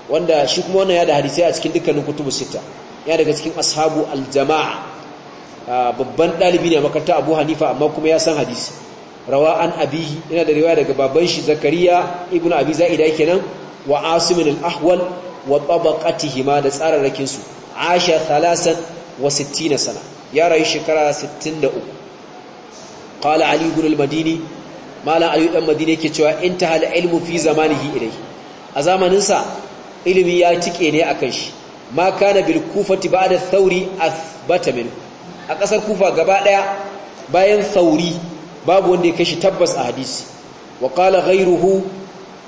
A: wanda shi kuma wannan ya da hadisai a cikin dukkanin kutubu sita ya daga cikin ashabu aljama'a babban dalibi ne makarta abu hanifa amma kuma ya san hadisi rawa an abihi yana da riwaya daga baban shi zakariya ibnu abi za'ida kenan wa asim al-ahwal wa tabaqatihi ma da tsararrakin su asha 63 sana ya rayu shekara 63 qala ali ibn al-madini mala ali dan madini yake cewa intaha al-ilmu fi zamanihi ilayhi a zamaninsa ilimi ya cike ne a kan shi ma kana bil kufati sauri a bata min a ƙasar kufa gaba daya bayan sauri babu wanda ya kashi tabbas a hadisi wa qala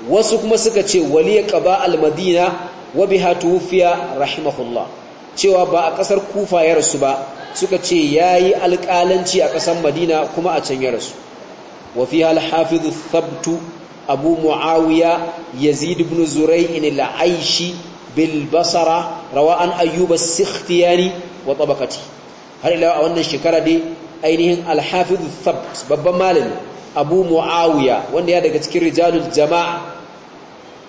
A: wasu kuma suka ce waliya qaba al madina wa biha tufiya rahimahullah cewa ba a ƙasar kufa ya rasu ba suka ce ya yi alƙalanci a ƙasar madina kuma a can ya rasu wa fiha al thabtu abu muawiya yazid ibn zuray'in al-aishi bil basara, rawa an ayyub as-sikhtiyani wa tabaqati har ila a wannan shekara dai ainihin al-hafiz thabt babban malami abu muawiya wanda ya daga cikin rijalul jama'a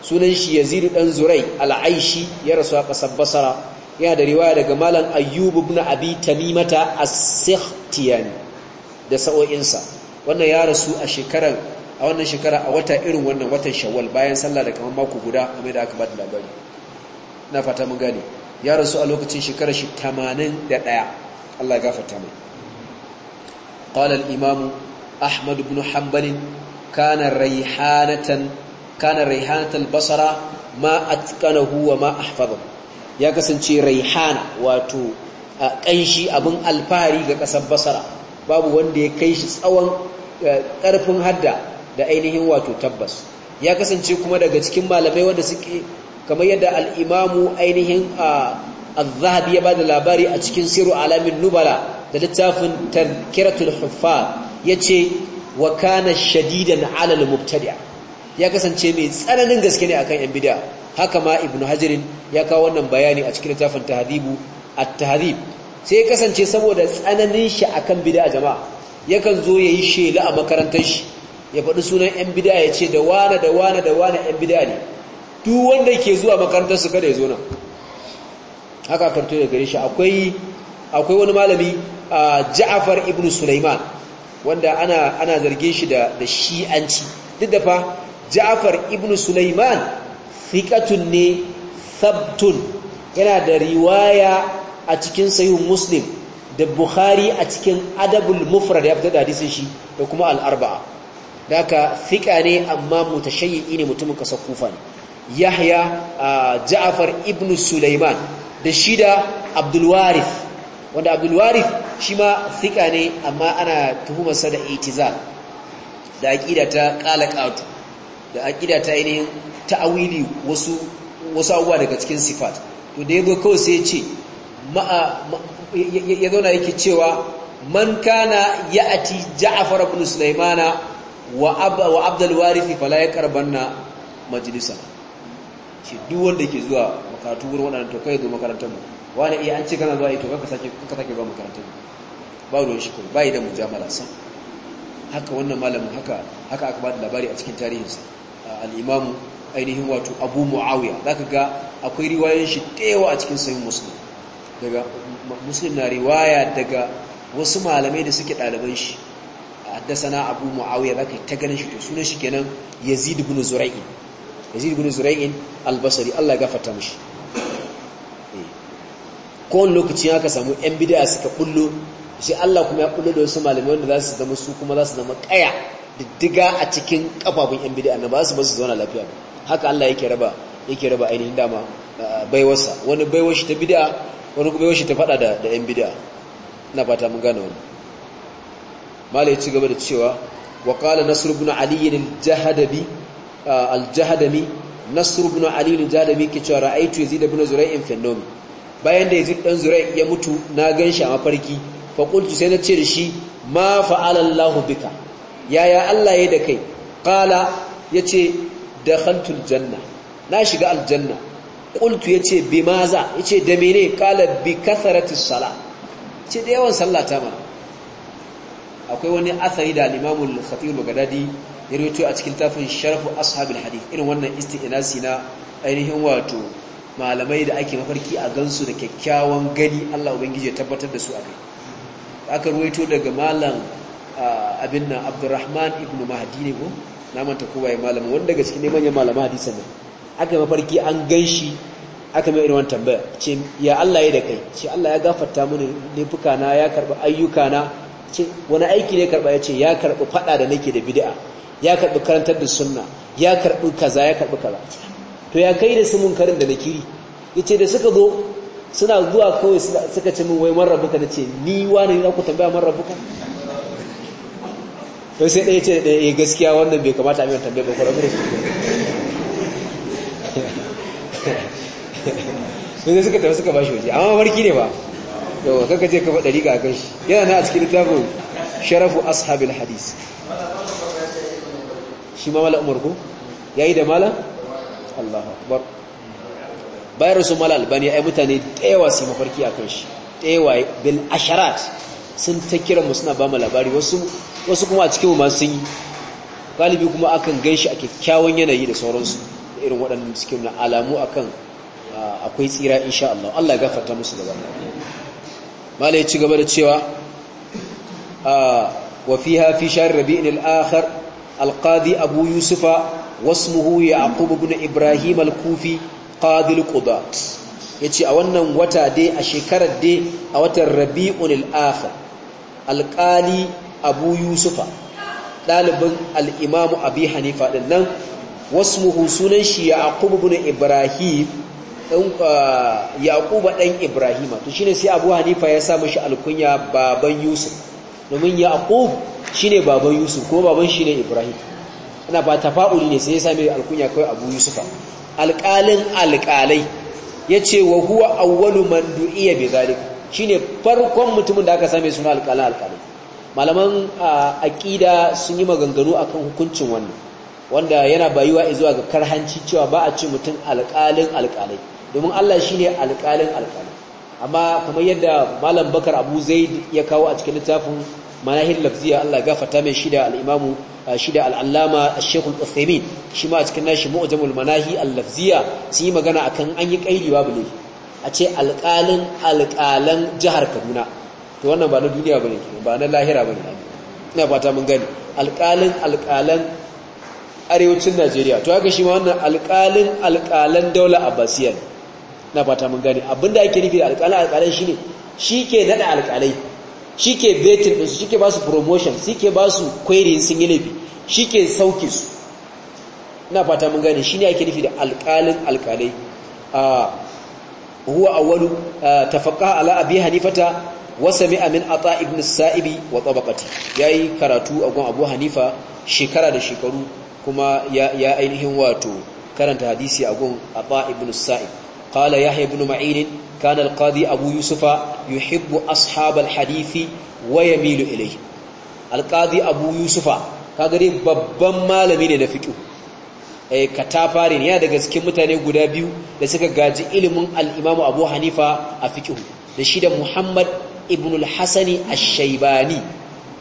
A: sunan shi yazid dan zurai al-aishi ya rasu a kasar yana da riwaya daga malam ayyub ibn abi tamimata as-sikhtiyani da sa'o'insa wannan ya rasu a shekarar a wannan shekara a wata irin wannan watan shawwal bayan sallah da kamar mako guda kamar da aka ba da labari na fata mun gane ya rasu a lokacin shekarar shi 81 Allah ya gafarta mai qala al-imam ahmad ibn hanbal kana rayhanatan kana rayhanatan basra ma atqanahu wa ma ahfazahu ya kasance raihana wato kanshi abin alfahari ga kasar basara babu wanda ya kai shi tsawon eh, ƙarfin hadda da ainihin wato tabbas ya kasance kuma daga cikin malamai wanda suke kamar yadda al'imamu ainihin al-zahabi ya ba da labari a cikin siru alamin nubala da littafin tarkiratul huffa ya ce wa kana shadidan alal mubtadi'a ya kasance mai tsananin gaske ne akan yan bid'a haka ma ibnu hajirin ya kawo wannan bayani a cikin littafin tahdhibu at-tahdhib sai ya kasance saboda tsananin shi akan bid'a jama'a yakan zo yayi shela a makarantar shi ya faɗi sunan ‘yan bida ya ce da wane da wane da wane ‘yan bida ne duk wanda ke zuwa makarantar su kada ya zo nan haka karto da gare shi akwai wani malami a ja'afar ibn sulaiman wanda ana ana zarge shi da da shi'anci duk da fa ja'afar ibn sulaiman fiƙatun ne thabtun yana da riwaya a cikin sahih muslim da buhari a cikin adabul mufrad ya fi da hadisin shi da kuma al da aka fiƙa ne amma mutashayi ne mutumin kasar kufa ne yahya ja'afar ibn sulaiman da shida abdulwarif wanda abdulwarif shi ma fiƙa ne amma ana tuhumarsa da itizal da aƙida ta ƙalaƙatu da aƙida ta ainihin ta'awili wasu wasu abubuwa daga cikin sifat to da ya kawai sai ce ya zauna yake cewa man kana ya'ati ja'afar ibn sulaimana wa abdal warisi fala ya karbanna majalisa ce duk wanda ke zuwa makaratu wurin waɗanda to kai zo makarantar mu wani iya an ce kana zuwa eh to kanka sake kanka sake zuwa makarantar mu ba ruwan shi kuma bai da mujamala san haka wannan malamin haka haka aka bada labari a cikin tarihinsa al-imamu ainihin wato Abu Muawiya zaka ga akwai riwayoyin shi tewa a cikin sahih Muslim daga Muslim na riwaya daga wasu malamai da suke ɗaliban shi haddasana abu muawiya zaka ta ganin shi to sunan shi kenan yazid ibn zura'in yazid ibn zura'in al Allah ya lokaci aka samu yan bid'a suka bullo sai Allah kuma ya kullu da wasu malamai wanda za su zama su kuma za su zama kaya diddiga a cikin kafafun yan bid'a na ba su ba su zauna lafiya ba haka Allah yake raba yake raba ainihin dama baiwarsa wani baiwar shi ta bid'a wani baiwar shi ta fada da yan bid'a ina fata mun gane wannan mala ya ci gaba da cewa wa qala nasr ibn ali al-jahdami uh, al-jahdami nasr ibn ali al-jahdami ke cewa ra'aytu yazid ibn zura'in fi an bayan da yazid dan zura'in ya mutu na ganshi a mafarki fa qultu sai na ce da shi ma fa'ala allah bika yaya allah ya da kai kala yace dakhaltu al-janna na shiga aljanna qultu yace bimaza yace da mene qala bi kathratis sala ce da yawan sallata ma akwai wani asari da limamun imamul khatib al ya rawaito a cikin tafin sharhu ashabin hadith irin wannan isti'nasi na ainihin wato malamai da ake mafarki a gansu da kyakkyawan gani Allah ubangiji ya tabbatar da su kai aka ruwaito daga malam abin nan Abdurrahman ibn Mahdi ne ko na manta kowa ya malamin wanda daga cikin manyan malama hadisi ne aka mafarki an ganshi aka mai irin tambaya ce ya Allah ya da kai ce Allah ya gafarta mini laifuka na ya karba ayyuka na ce wani aiki ne karɓa ya ce ya karɓi faɗa da nake da bid'a ya karɓi karantar da sunna ya karɓi kaza ya karɓi kaza to ya kai da su munkarin da nakiri yace da suka zo suna zuwa kawai suka ce min wai man na nace ni wani ne ku tambaya man ka. to sai ɗaya ce da ɗaya eh, gaskiya wannan bai kamata a mai tambaya ba ku rabu da shi suka tafi suka waje amma ne ba yawa kaka je riga a ga shi yana na a cikin littafin sharafu ashabin hadis shi ma mala umar ko ya yi da mala allah akbar bayar rasu mala albani yi mutane ɗewa su mafarki a kan shi ɗewa bil asharat sun ta kira mu suna ba mu labari wasu kuma a cikin mu ma sun yi galibi kuma akan gan shi a kyakkyawan yanayi da sauransu irin waɗannan suke na alamu akan akwai tsira insha Allah Allah ya gafarta musu da wannan mala ya ci gaba da cewa wa fiha fi shahr rabi'in al-akhir abu yusufa wasmuhu yaqub ibn ibrahim Alkufi kufi qadi al yace a wannan wata dai a shekarar dai a watan rabi'un al-akhir alqali abu yusufa dalibin al abi hanifa din nan wasmuhu sunan shi yaqub ibn ibrahim Ah, yaƙuba ɗan ibrahima to shine sai abu hanifa ya sa shi alkunya baban yusuf domin yaqub shine baban yusuf ko baban shine ibrahim ana ba tafa'uli ne sai ya sami alkunya kai abu yusufa alƙalai ya yace wa huwa awwalu man du'iya bi zalik shine farkon mutumin da aka same suna alƙalin alƙalai malaman ah, aƙida sun yi maganganu akan hukuncin wannan wanda yana bayuwa zuwa ga karhanci cewa ba a ci mutum alƙalin alƙalai domin Allah shine alƙalin alƙalai amma kamar yadda malam bakar abu zai ya kawo a cikin littafin manahin lafziya Allah gafata mai shida al'imamu shida al’allama a shekul ƙasemin shi ma a cikin nashi mu'jamul manahi al-lafziya sun yi magana a kan an yi kaidi babu ne a ce alƙalin alƙalan jihar Kaduna to wannan ba na duniya bane ba na lahira bane ina fata mun gani alƙalin alƙalan arewacin najeriya to haka shi ma wannan alƙalin alƙalan daular abbasiya ne na fata mun gane abinda ake nufi da alƙalan alƙalai shi ne shi ke naɗa alƙalai shi ke betin ɗinsu shi ke ba su promotion shi ke ba su kwairin sun yi nufi shi ke sauki su na fata mun gane shi ne ake nufi da alƙalin alƙalai huwa awwalu tafaqqaha ala abi hanifata wa sami'a min ata ibn sa'ibi wa tabaqati yayi karatu a gon abu hanifa shekara da shekaru kuma ya ainihin wato karanta hadisi a gun Aba ibn Sa'id qala Yahya ibn Ma'in kana al-qadi Abu Yusufa yuhibbu ashab al-hadisi wa yamilu ilayhi al-qadi Abu Yusufa kaga dai babban malami ne na fiqh eh katafare ne ya daga cikin mutane guda biyu da suka gaji ilimin al Abu Hanifa a fiqh da shi da Muhammad ibn al-Hasan ash-Shaybani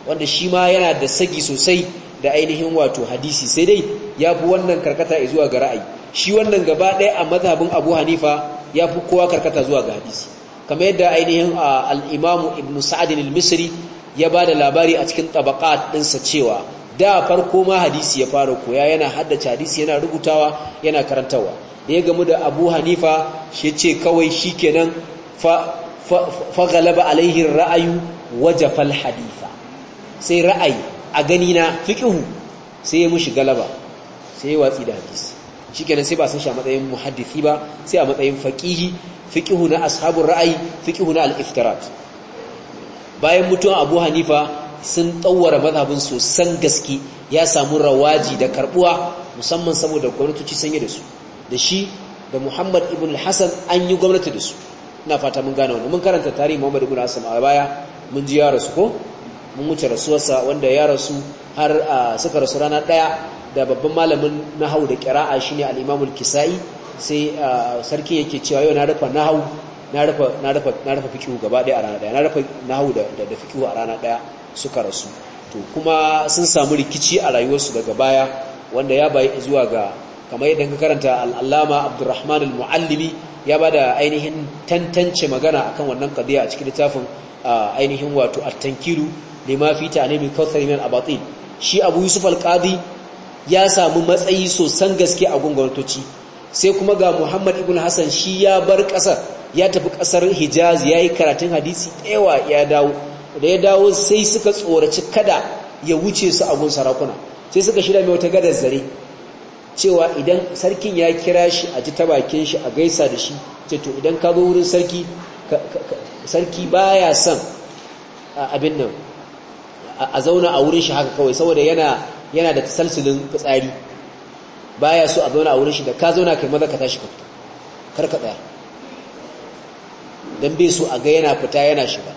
A: wanda shi ma yana da sagi sosai da ainihin wato hadisi sai dai ya fi wannan karkata zuwa ga ra'ayi shi wannan gaba ɗaya a mazhabin abu hanifa ya fi kowa karkata zuwa ga hadisi kamar yadda ainihin al'imamu ibn sa'adin al-misri ya ba da labari a cikin tabaka ɗinsa cewa da farko ma hadisi ya fara koya yana haddace hadisi yana rubutawa yana karantawa da ya gamu da abu hanifa shi ce kawai shi kenan fagalaba alaihin ra'ayu wajafal hadifa sai ra'ayi a gani na fiƙihu sai ya mushi galaba sai ya watsi da hadisi shikenan sai ba san shi a matsayin muhaddisi ba sai a matsayin faqihi fiƙihu na ashabur ra'ayi fiƙihu na al-iftirat bayan mutuwa Abu Hanifa sun tsawara mazhabin sosan gaske ya samu rawaji da karbuwa musamman saboda gwamnatoci sanye da su da shi da Muhammad ibn al-Hasan an yi gwamnati da su ina fata mun gane wannan mun karanta tarihi Muhammad ibn Hassan a baya mun ji ya rasu ko mun wuce rasuwarsa wanda ya rasu har suka rasu rana ɗaya da babban malamin nahau da ƙira'a shine ne al’imamul kisa'i sai sarki yake cewa yau na rufa nahau na rufa na gaba ɗaya a rana ɗaya na rufa nahau da da a rana ɗaya suka rasu to kuma sun samu rikici a rayuwarsu daga baya wanda ya bayi zuwa ga kamar yadda ka karanta alalama Abdurrahman al-Muallimi ya bada ainihin tantance magana akan wannan kadiya a cikin littafin ainihin wato a tankiru lima fi ta'anibil kautsari min abatil shi abu yusuf al ya samu matsayi sosan gaske a gunguntoci sai kuma ga muhammad ibn hassan shi ya bar kasar ya tafi kasar hijaz ya yi karatun hadisi tsewa ya dawo da ya dawo sai suka tsoraci kada ya wuce su a gun sarakuna sai suka shirya mai wata gadar zare cewa idan sarkin ya kira shi a ji ta bakin shi a gaisa da shi ce to idan ka zo wurin sarki sarki baya son abin nan a zauna a wurin shi haka kawai saboda yana yana da tasalsulin fitsari baya so a zauna a wurin shi da ka zauna kai maza ka tashi ka fita kar ka tsaya dan bai so a ga yana fita yana shiga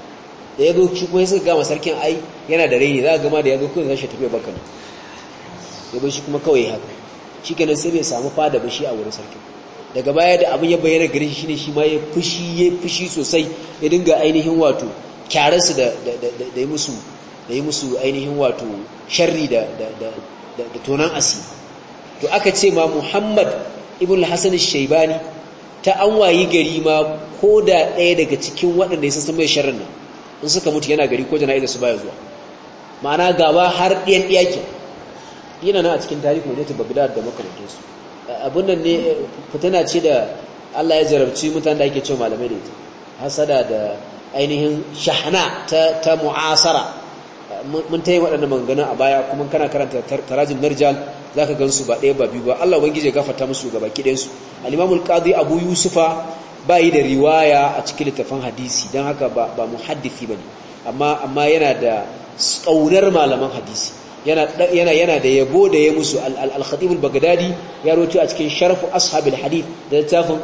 A: da yazo shi kuma sai ga sarkin ai yana da raini za ka gama da yazo ko zai tafi baka ya yabo shi kuma kawai haka shikenan sai bai samu fada ba shi a wurin sarkin daga baya da abin ya bayyana gare shi ne shi ma ya fushi ya fushi sosai ya dinga ainihin wato kyararsu da da da musu da yi musu ainihin wato sharri da tonan asi to aka ce ma muhammad ibn hassan shaibani ta an wayi gari ma ko da ɗaya daga cikin waɗanda ya sassan mai sharrin nan in suka mutu yana gari ko jana'izar su baya zuwa ma'ana gaba har ɗiyan ɗiyakin yana na a cikin tarihi wajen bagdad da makarantarsu abin nan ne fitana ce da allah ya zarabci mutane da ake cewa malamai da ita hasada da ainihin shahana ta mu'asara mun ta yi waɗanda maganganun a baya kuma kana karanta tarajin narjal za ka gansu ba ɗaya ba biyu ba Allah ubangiji ya gafarta musu baki kiɗansu al'imamul qadi abu yusufa ba yi da riwaya a cikin littafin hadisi don haka ba haddifi ba ne amma yana da ƙaunar malaman hadisi yana da yabo da ya musu al-khatibul bagdadi ya roto a cikin sharafu ashabil hadith da littafin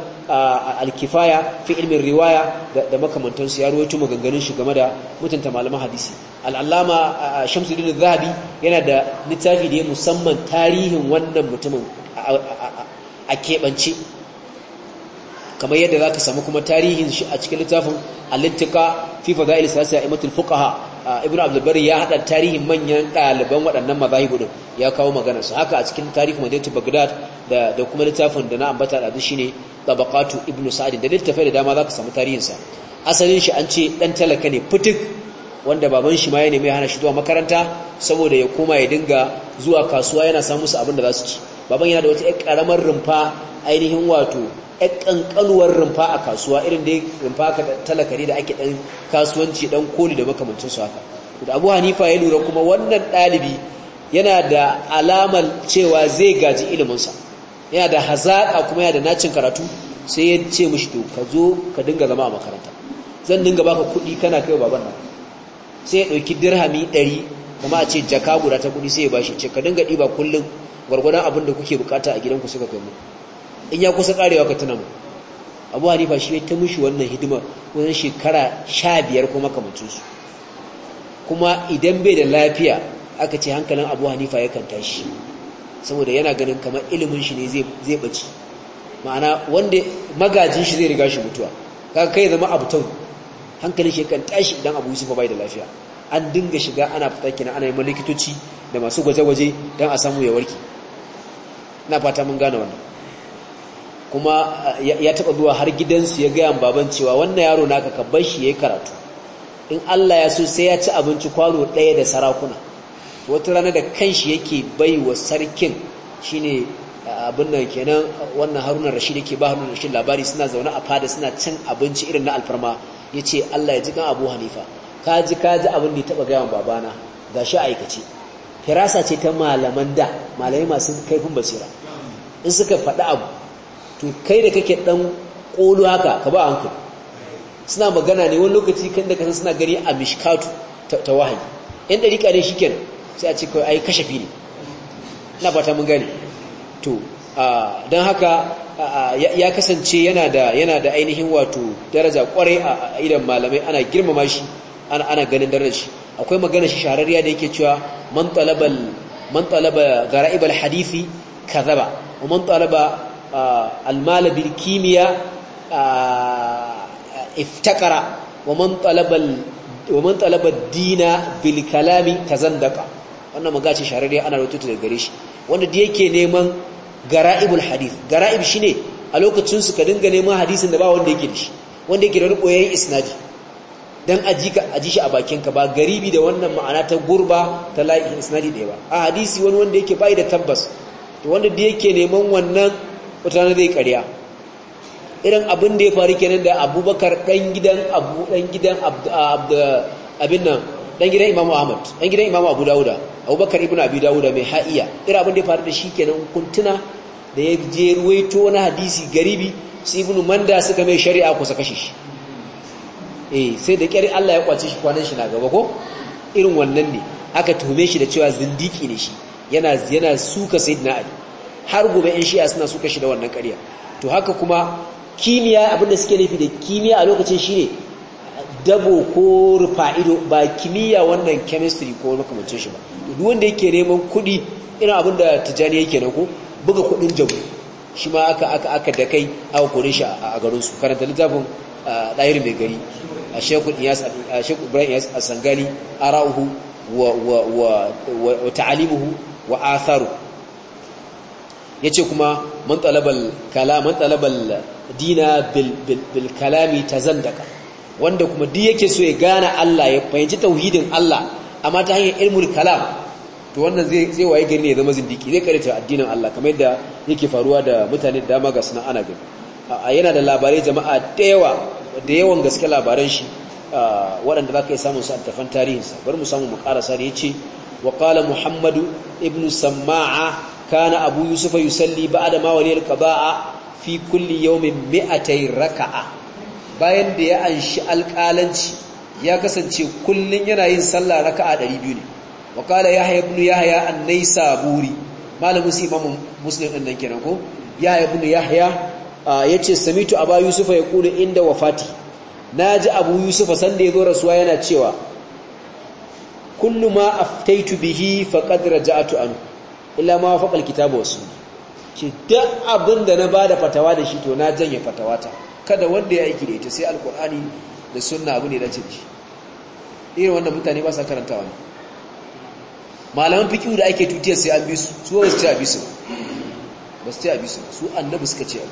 A: alkifaya fi ilmin riwaya da makamantansu ya ruwaito maganganun shi game da mutunta malaman hadisi al'allama shamsuddin zahabi yana da littafi da ya musamman tarihin wannan mutumin a keɓance kamar yadda za ka samu kuma tarihin shi a cikin littafin alittika fi fada'il salasa imatul ha. ibn abdulbari ya haɗa tarihin manyan ɗaliban waɗannan mazahibu din ya kawo maganarsa haka a cikin tarihi madaitu bagdad da kuma littafin da na ambata da shi ne tabaqatu ibn sa'd da littafai da dama zaka samu tarihinsa asalin shi an ce ɗan talaka ne fitik wanda baban shi ma ya nemi hana shi zuwa makaranta saboda ya koma ya dinga zuwa kasuwa yana samu su abin da za su ci baban yana da wata ‘yan ƙaramar rumfa ainihin wato ‘yan kankanuwar rumfa a kasuwa irin da rumfa ka talakari da ake ɗan kasuwanci ɗan koli da makamancin su haka da abu hanifa ya lura kuma wannan ɗalibi yana da alamar cewa zai gaji iliminsa yana da hazaƙa kuma yana da nacin karatu sai ya ce mishi to ka zo ka dinga zama a makaranta zan dinga baka kuɗi kana kai baban nan sai ya ɗauki dirhami ɗari kuma a ce jaka guda ta kuɗi sai ya bashi ce ka dinga ɗiba kullum gwargwadon abin da kuke bukata a gidanku suka kai mu in ya kusa karewa ka tuna mu abu hanifa shi ta mushi wannan hidima wajen shekara sha biyar kuma su kuma idan bai da lafiya aka ce hankalin abu hanifa ya kan tashi saboda yana ganin kamar ilimin shi ne zai baci ma'ana wanda magajin shi zai riga shi mutuwa kaga kai zama abutan hankalin shi yakan tashi idan abu yusuf bai da lafiya an dinga shiga ana fita kina ana yi likitoci da masu gwaje-gwaje don a samu ya warke na fata mun gane wannan kuma eh, ya taba zuwa har gidansu ya gaya baban cewa wannan yaro naka ka bar shi yayi karatu in Allah ya so sai ya ci abinci kwano ɗaya da sarakuna wata rana da kanshi yake bai wa sarkin shine eh, abin nan kenan wannan Haruna Rashid yake ba Haruna Rashid labari suna zaune a fada suna cin abinci irin na alfarma yace Allah ya ji kan Abu Hanifa ka ji ka ji abin da ya taba gaya babana gashi aikace firasa ce ta malaman da malamai masu kaifin basira in suka faɗi abu to kai da kake ɗan ƙolo haka ka ba wanku? suna magana ne wani lokaci kan da kasan suna gani a mishkatu ta wahayi yan ɗariƙa ne shi kenan sai a ce kawai yi kashafi ne na fata mun gani to don haka ya kasance yana da yana da ainihin wato daraja kwarai a idan malamai ana girmama shi ana ganin daraja. akwai magana shi shararriya da yake cewa man talabal man talaba gara'ib alhadisi kazaba wa man talaba almal bil kimiya iftakara wa man talaba wa man talaba dina bil kalami tazandaka wannan magana ce shararriya ana rututu da gare shi wanda da yake neman gara'ibul hadith gara'ib shi ne a lokacin su ka dinga neman hadisin da ba wanda yake da shi wanda yake da wani koyayyen isnadi dan aji shi a bakinka ba garibi da wannan ma'ana ta gurba ta la'ihin isnadi ɗaya ba a hadisi wani wanda yake bai da tabbas to wanda da yake neman wannan mutane zai karya irin abin da ya faru kenan da abubakar ɗan gidan abu ɗan gidan abin nan ɗan gidan imamu ahmad ɗan gidan imamu abu dawuda abubakar ibn abu dawuda mai ha'iya irin abin da ya faru da shi kenan kuntuna da ya je ruwaito wani hadisi garibi su ibn manda suka mai shari'a kusa kashe shi eh sai da kyar Allah ya kwace shi kwanan shi na gaba ko irin wannan ne aka tuhume shi da cewa zindiki ne shi yana yana suka sayyidina ali har gobe in shi'a suna suka shi da wannan ƙarya to haka kuma abin da suke nufi da kimiyya a lokacin shine dabo ko rufa ba kimiyya wannan chemistry ko wani shi ba duk wanda yake neman kuɗi irin da tijani yake na ko buga kuɗin jabu shi ma aka aka aka da kai aka kore shi a garin su karanta littafin ah, ɗayar mai gari a shekul ibrahim iyas a sangali ara'uhu wa ta'alimuhu wa atharu ya ce kuma man talabal dina bil kalami ta zandaka wanda kuma duk yake so ya gane Allah ya fahimci tauhidin Allah amma ta hanyar ilmul kalam to wannan zai waye gani ya zama zindiki zai karanta addinin Allah kamar yadda yake faruwa da mutane da dama ga suna ana gani yana da labarai jama'a da yawa da yawan gaske labaran shi waɗanda ba ka yi samun su a tafan tarihinsa bar mu samu mu kara da ya ce wa ƙala muhammadu ibn sama'a kana abu yusufa yusalli ba da mawaliyar ƙaba'a fi kulli yau mi'a mi'atai raka'a bayan da ya anshi alƙalanci ya kasance kullum yana yin sallah raka'a biyu ne wa ƙala yahya ibn haya an-naisaburi malamin su imamu muslim din nan kenan ko yahya ibn yahya Ah, yace samitu aba yusufa yaqulu inda wafati naji abu yusufa sanda yazo rasuwa yana cewa kullu ma aftaitu bihi faqad raja'tu an illa ma wafaqa alkitabu was ce duk abinda na bada fatawa da shi to na janye fatawata kada wanda ya aiki da ita sai alqur'ani da sunna abu ne da shi. irin wannan mutane ba sa karantawa ne malaman fiqh da ake tutiyar sai an bi su su ba su ci a ba su ci su annabi suka ce abu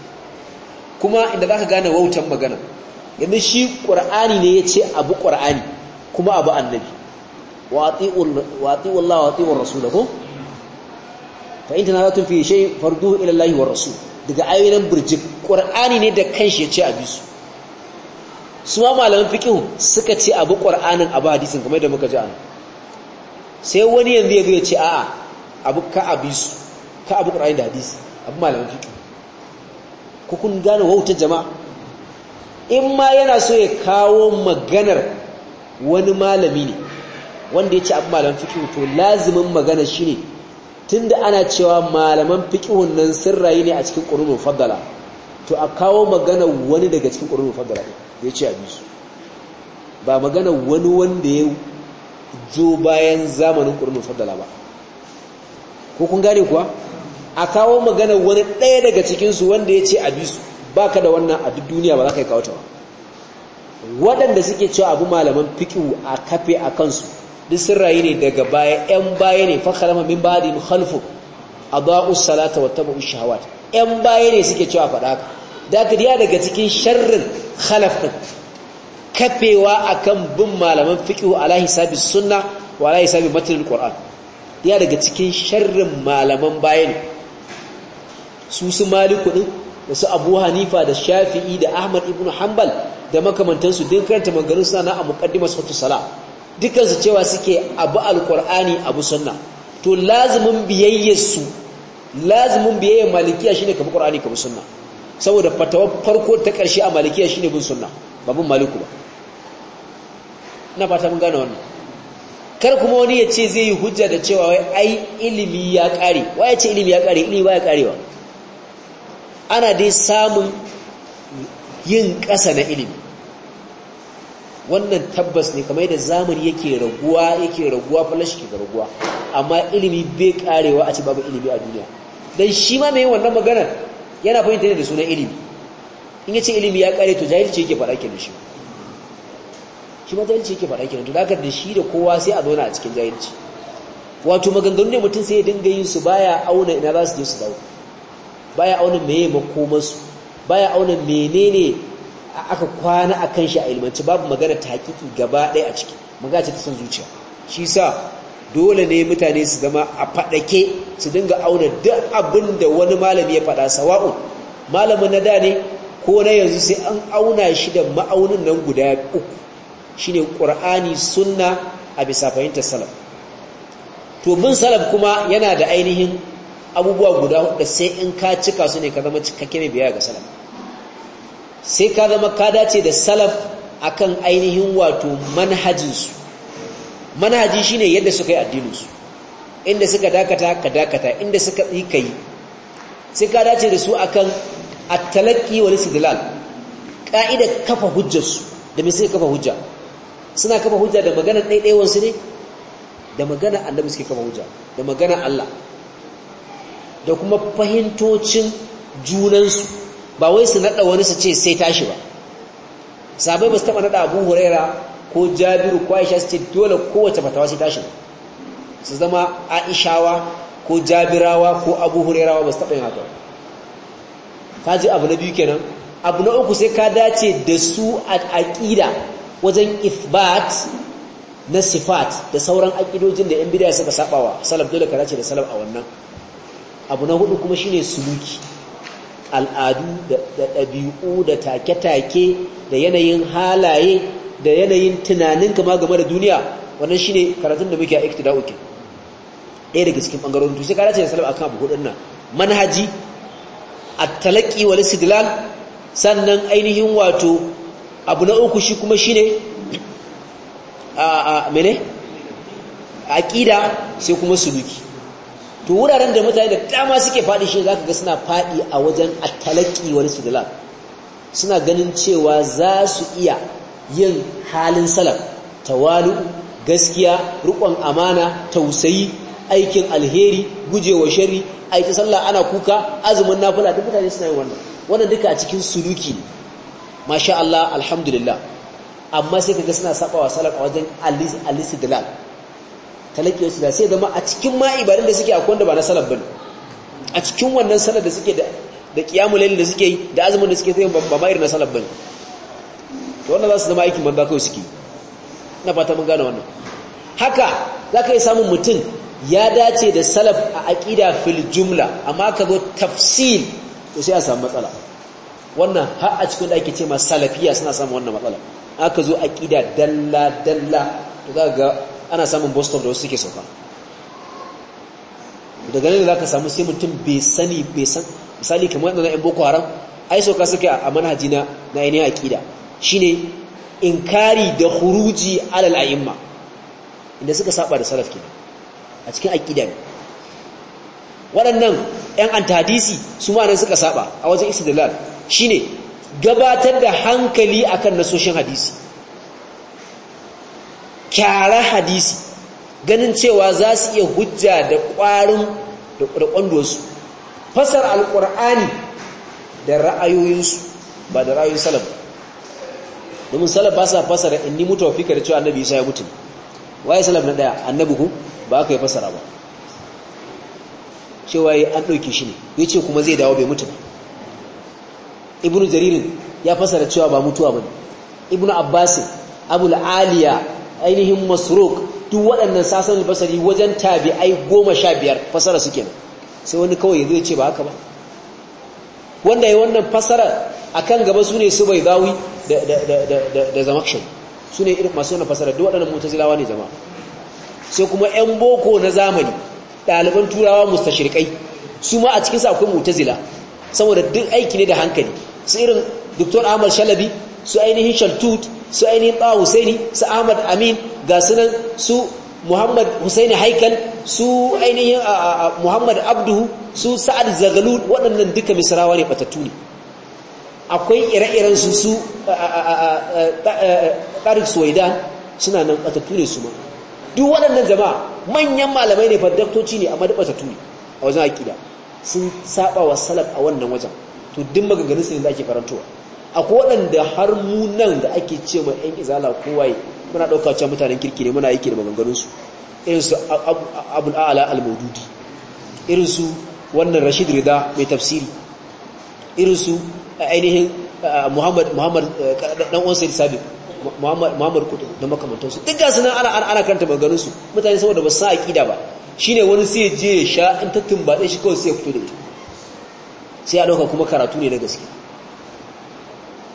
A: kuma inda za ka gane wautan magana yadda shi ƙwar'ani ne ya ce abu ƙwar'ani kuma abu annabi wati'ul wati'ul Allah rasu da ko ta yi tanazatu fi fiye shai ila ilallahi wa rasu daga ayoyin birji ƙwar'ani ne da kanshi ya ce su su ma malamin fikin suka ce abu ƙwar'anin abu hadisun kamar da muka ji an sai wani yanzu ya ce a'a abu ka abisu, su ka abu ƙwar'ani da hadisi abu malamin fiqh ko kun gane wautar jama'a in ma yana so ya kawo maganar wani malami ne wanda ya ci abu malaman fikihu to lazimin magana shine tunda ana cewa malaman fikihun nan rayu ne a cikin qurunul fadala to a kawo magana wani daga cikin qurunul fadala ne ya ce a bisu ba maganar wani wanda ya zo bayan zamanin qurunul fadala ba ko kun gane kuwa a kawo magana wani ɗaya daga cikinsu wanda ya ce a bi su ba ka da wannan a duk duniya ba za ka yi kawo ta ba waɗanda suke cewa abu malaman fikihu a kafe a kansu duk sun rayu ne daga baya 'yan baya ne fakharama min a ba adaa'u salata wa tabu'u shahawat 'yan baya ne suke cewa faɗa haka da ka diya daga cikin sharrin khalaf din kafewa akan bin malaman fikihu ala sabi sunna wa lahi sabi matnil qur'an diya daga cikin sharrin malaman baya ne su su maliku din da su abu hanifa da shafi'i da ahmad ibn hanbal da makamantansu din karanta maganin sana a muqaddimar sautu sala dukansu cewa suke abu alkur'ani abu sunna to lazimin su lazimin biyayyar malikiya shine kabi qur'ani kabi sunna saboda fatawar farko ta karshe a malikiya shine bin sunna ba bin maliku ba ina fata mun gane wannan kar kuma wani ya ce zai yi hujja da cewa wai ai ilimi ya ƙare wai ya ce ilimi ya ƙare ilimi ba ya ƙarewa ana dai samun yin ƙasa na ilimi wannan tabbas ne kamar yadda zamani yake raguwa yake raguwa falashi ke raguwa amma ilimi bai karewa a ci babu ilimi a duniya dan shi ma mai wannan maganar yana fahimta ne da sunan ilimi in yace ilimi ya kare to jahilci yake faɗa kenan shi shi ma jahilci yake faɗa kenan to da da shi da kowa sai a zauna a cikin jahilci wato maganganu ne mutum sai ya dinga yin su baya auna ina za su je su dawo baya auna meye makomarsu baya auna menene aka kwana a kan shi a ilmanci babu magana ta hakiki gaba ɗaya a ciki magana ce ta son zuciya shi sa dole ne mutane su zama a faɗake su dinga auna duk abin da wani malami ya faɗa sawa'un malamin na da ne ko na yanzu sai an auna shi da ma'aunin nan guda uku shine qur'ani sunna a bisa fahimtar salaf to bin salaf kuma yana da ainihin abubuwa guda hudu sai in ka cika su ne ka zama cikakke mai biyayya ga salaf sai ka zama ka dace da salaf akan ainihin wato manhajinsu manhaji shine yadda suka yi addininsu inda suka dakata ka dakata inda suka yi kai sai ka dace da su akan at-talaqqi wal istidlal ka'ida kafa hujjarsu da me suka kafa hujja suna kafa hujja da magana ɗaiɗaiwansu ne da magana allah suke kafa hujja da magana Allah da kuma fahimtocin junansu ba wai su naɗa wani su ce sai tashi ba sabai ba su taɓa naɗa abu huraira ko jabiru ko aisha su ce dole kowace fatawa sai tashi su zama aishawa ko jabirawa ko abu hurairawa ba su taɓa yin haka ka ji abu na biyu kenan abu na uku sai ka dace da su a aƙida wajen ifbat na sifat da sauran aƙidojin da 'yan bidaya suka saɓawa salaf dole ka dace da salaf a wannan abu na hudu kuma shine suluki al'adu da ɗabi'u da take-take da yanayin halaye da yanayin tunanin kama game da duniya wannan shine karatun da muke a da uke ɗaya daga cikin ɓangarorin tushe kara ce da a kan abu hudun nan manhaji a talaƙi wani istidlal sannan ainihin wato abu na uku shi kuma shine a a mene sai kuma suluki to wuraren da mutane da dama suke faɗi shi za ka ga suna faɗi a wajen attalaki wani su da suna ganin cewa za su iya yin halin salaf tawalu gaskiya rukon amana tausayi aikin alheri gujewa shari a ta sallah ana kuka azumin nafila duk mutane suna yin wannan wannan duka a cikin suluki ne masha Allah alhamdulillah amma sai ka ga suna sabawa salar a wajen al talaki wasu da sai zama a cikin ma da suke akwai kwanda ba na salar bane a cikin wannan salar da suke da da da suke yi da azumin da suke yi ba ma na salar bane to wannan za su zama aikin banza kawai suke ina fata mun gane wannan haka za ka yi samun mutum ya dace da salaf a aƙida fil jumla amma ka zo tafsil to sai a samu matsala wannan har a cikin da ake ce ma salafiya suna samun wannan matsala aka zo aƙida dalla dalla to za ga ana samun bus stop da wasu suke sauka daga nan da za ka samu sai mutum bai sani bai san misali kamar yadda na yan boko haram ai sauka suke a manhaji na na ainihin aƙida shine inkari da huruji alal a'imma inda suka saba da salaf a cikin aƙida ne waɗannan 'yan antadisi su ma nan suka saba a wajen istidlal shine gabatar da hankali akan nasoshin hadisi kyara hadisi ganin cewa za su iya hujja da ƙwarin da ƙwandosu fasar alƙur'ani da ra'ayoyinsu ba da ra'ayoyin salaf domin salaf ba sa fasara in ni mutu da cewa annabi isa ya mutu waye salaf na ɗaya annabi ku ba aka yi fasara ba cewa ya an ɗauki shi ne ya ce kuma zai dawo bai mutu ba ibnu jaririn ya fasara cewa ba mutuwa ba ne ibnu abbasin abu la'aliya ainihin masruk duk waɗannan sasan albasari wajen tabi'ai goma sha biyar fasara suke nan sai wani kawai ya zai ce ba haka ba wanda ya wannan fasara a kan gaba su ne su bai zawi da zamakshin su ne irin masu wannan fasara duk waɗannan zilawa ne zama sai kuma 'yan boko na zamani ɗaliban turawa mustashirkai su ma a cikinsa akwai zila saboda duk aiki ne da hankali su irin dr ahmad shalabi su ainihin shaltut su ainihin ɗawa husaini su ahmad amin ga sunan su muhammad husaini haikal su ainihin muhammad abduhu su sa'ad zagalu waɗannan duka misrawa ne batattu ne akwai ire-iren su su ƙarik suwaida suna nan batattu ne su ma duk waɗannan jama'a manyan malamai ne faddaktoci ne amma da batattu ne a wajen aƙida sun saba wa salaf a wannan wajen to duk maganganun su ne da ake farantowa. akwai waɗanda har mu nan da ake ce mai ‘yan izala kowaye muna ɗauka can mutanen kirki ne muna yake da maganganunsu irinsu abul'ala al-maududi irinsu wannan rashid rida mai tafsiri irinsu ainihin ah, muhammad muhammad eh, ɗan uwan sayid sabi muhammad kudu da makamantansu duk ga suna ana karanta maganganunsu mutane saboda ba su sa aƙida ba shine wani sai je ya sha in ta tumbaɗe shi kawai sai ya fito da ita sai a ɗauka kuma karatu ne na gaske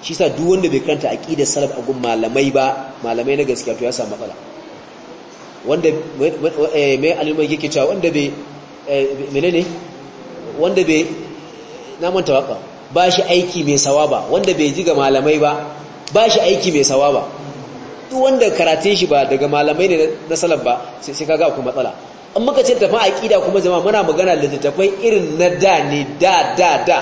A: shi sa duk wanda bai karanta aqidar salaf a gun malamai ba malamai na gaskiya to ya samu matsala wanda eh, mai alimai yake cewa wanda bai eh, menene wanda bai na manta waka ba shi aiki mai sawaba wanda bai ji ga malamai ba ba shi aiki mai sawaba duk wanda karatun shi ba daga malamai ne na salaf ba sai kaga akwai matsala an muka ce tafi aqida kuma zama muna magana littattafai irin na da ne da da da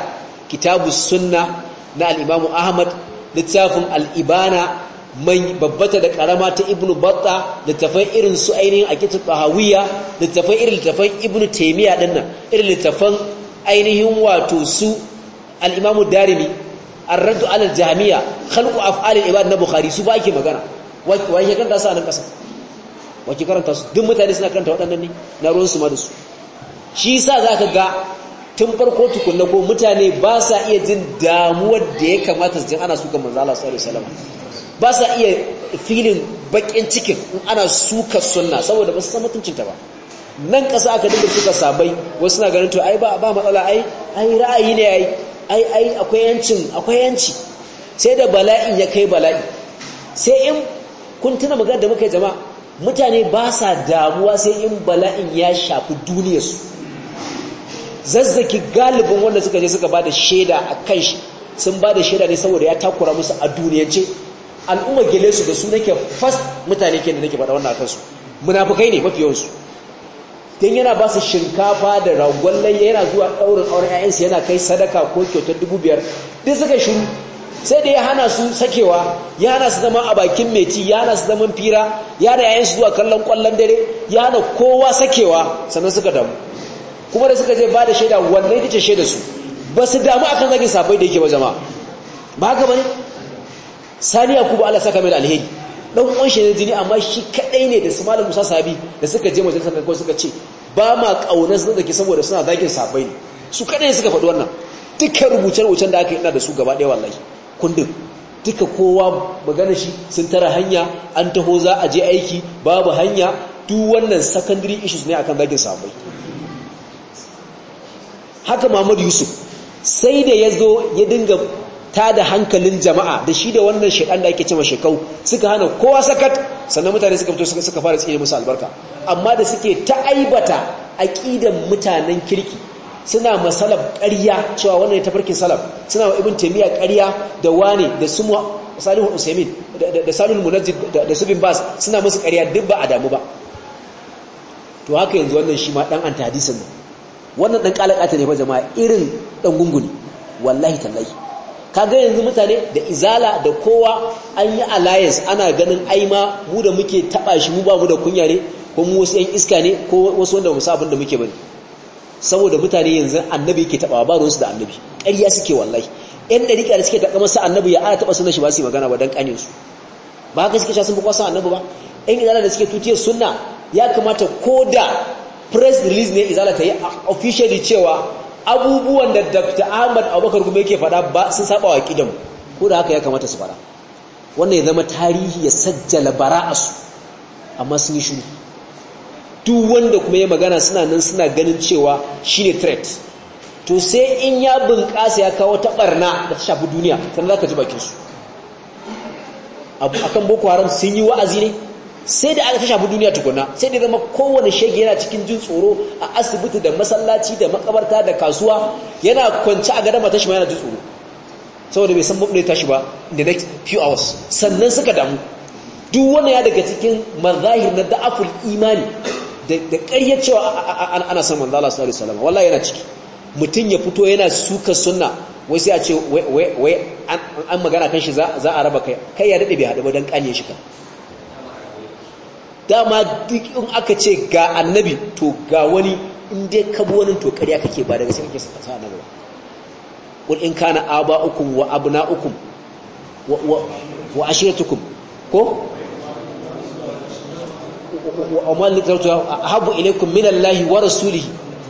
A: kitabu sunna na al'imamu ahmad littafin al'ibana mai babbata da karama ta ibnu batta littafin irin su ainihin akitu tahawiyya littafin irin littafin ibnu taymiya dinnan irin littafin ainihin wato su al-imamu darimi ar-raddu ala al-jahmiya khalqu af'al ibad na bukhari su ba ke magana wai ke karanta su a nan kasa wai karanta su duk mutane suna karanta waɗannan ne na ruwan su ma da su shi sa za ka ga tun farko tukunna ko mutane ba sa iya jin damuwar da ya kamata su jin ana suka manzala Allah sallallahu alaihi wasallam ba sa iya filin bakin cikin in ana suka sunna saboda ba su san mutuncinta ba nan kasa aka dinga suka sabai wasu na ganin to ai ba ba matsala ai ai ra'ayi ne ai ai akwai yancin akwai yanci sai da bala'i ya kai bala'i sai in kun tuna magana da muka yi jama'a mutane ba sa damuwa sai in bala'in ya shafi duniyarsu zazzaki galibin wanda suka je suka bada shaida a kan shi sun da shaida ne saboda ya takura musu a duniyance al'umma gilesu su da su nake fast mutane ke da nake faɗa wannan akan munafukai ne mafi yawansu don yana ba su shinkafa da ragon layya yana zuwa ɗaurin auren 'ya'yansu yana kai sadaka ko kyautar dubu biyar duk suka shiru sai da ya hana su sakewa ya hana su zama a bakin meti ya hana su zaman fira ya hana yayin su zuwa kallon kwallon dare ya hana kowa sakewa sannan suka damu kuma da suka je ba da shaida wannan ita ce shaida su ba su damu akan zagin safai da yake ba jama'a ba haka bane saniya ku ba Allah saka mai alheri dan uwan shi ne jini amma shi kadai ne da su malam Musa Sabi da suka je majalisar kai suka ce ba ma kauna su ke saboda suna zagin sabai ne su kadai suka faɗi wannan dukkan rubuce-rubucen da aka yi ina da su gaba ɗaya wallahi kundin duka kowa magana shi sun tara hanya an taho za a je aiki babu hanya duk wannan secondary issues ne akan zagin safai haka Muhammad Yusuf sai da ya zo ya dinga tada hankalin jama'a da shi da wannan shekan da ake cima shekau suka hana kowa sakat sannan mutane suka fito suka fara tsine musu albarka amma da suke ta aibata aqidan mutanen kirki suna masalab ƙarya cewa wannan ya tafarkin salaf suna wa ibn taymiya ƙarya da wane da su salihu usaimin da salihul munajjid da su bas suna musu karya duk ba a damu ba to haka yanzu wannan shi ma dan antihadisin ne wannan dan kalakata ne ba jama'a irin dan gungun wallahi tallahi kaga yanzu mutane da izala da kowa an yi alliance ana ganin aima mu da muke taɓa shi mu ba mu da kunya ne ko mu wasu yan iska ne ko wasu wanda musa abin da muke bane saboda mutane yanzu annabi ke taɓa ba ruwansu da annabi ƙarya suke wallahi yan dariƙa da suke taɓa masa annabi ya ana taɓa sunan shi ba su yi magana ba don ƙanin su ba haka suke sha sun bukwa san annabi ba yan izala da suke tutiyar sunna ya kamata ko da press release ne izala ta yi officially cewa abubuwan da Dr. Ahmad Abubakar kuma yake fada ba sun saba wa kidan ko da haka ya kamata su fara wannan ya zama tarihi ya sajjala bara'asu amma sun yi shiru duk wanda kuma ya magana suna nan suna ganin cewa shine threat to sai in ya bunƙasa ya kawo ta barna da ta shafi duniya sannan ka ji bakin su akan boko haram sun yi wa'azi ne sai da aka shafi duniya tukuna sai da zama kowane shege yana cikin jin tsoro a asibiti da masallaci da makabarta da kasuwa yana kwanci a gada matashi ma yana jin tsoro saboda bai san mabne tashi ba in the next few hours sannan suka damu duk wani ya daga cikin mazahir na da'aful imani da ƙaryar cewa ana san manzala Allah sallallahu alaihi wasallam wallahi yana ciki mutum ya fito yana suka sunna wai sai a ce wai an magana kan shi za a raba kai kai ya dade bai hadu ba dan kanye shi kan dama duk in aka ce ga annabi to ga wani inda ka bi wani to ƙarya kake ba daga sai kake sa annabi ba qul in kana aba aba'ukum wa abna'ukum wa wa, wa ashiratukum ko wa ma litartu habu ilaykum min Allahi wa rasulihi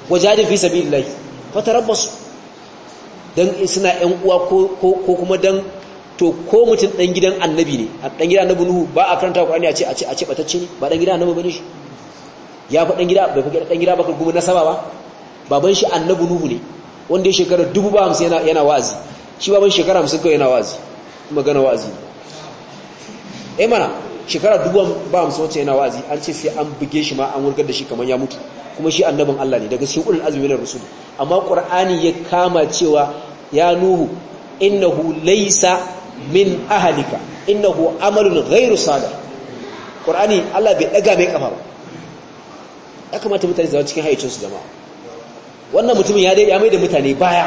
A: wa jahadu fi sabilillahi fatarabbasu dan suna yan uwa ko ko kuma dan to ko mutum dan gidan annabi ne dan gidan annabi nuhu ba a karanta qur'ani a ce a ce a ce batacce ne ba dan gidan annabi bane shi ya fa dan gida bai fa dan gida bakar gumi nasaba ba baban shi annabi nuhu ne wanda ya shekara 50 yana yana wazi shi baban shekara 50 kai yana wazi magana wazi eh mana shekara 50 wace yana wazi an ce sai an buge shi ma an wurgar da shi kaman ya mutu kuma shi annabin Allah ne daga cikin azmi na rusul amma qur'ani ya kama cewa ya nuhu innahu laysa min ahalika innahu amalun ghairu salih qur'ani Allah bai daga mai kafa ba ya kamata mutane zama cikin haicin su jama'a wannan mutumin ya dai ya mai da mutane baya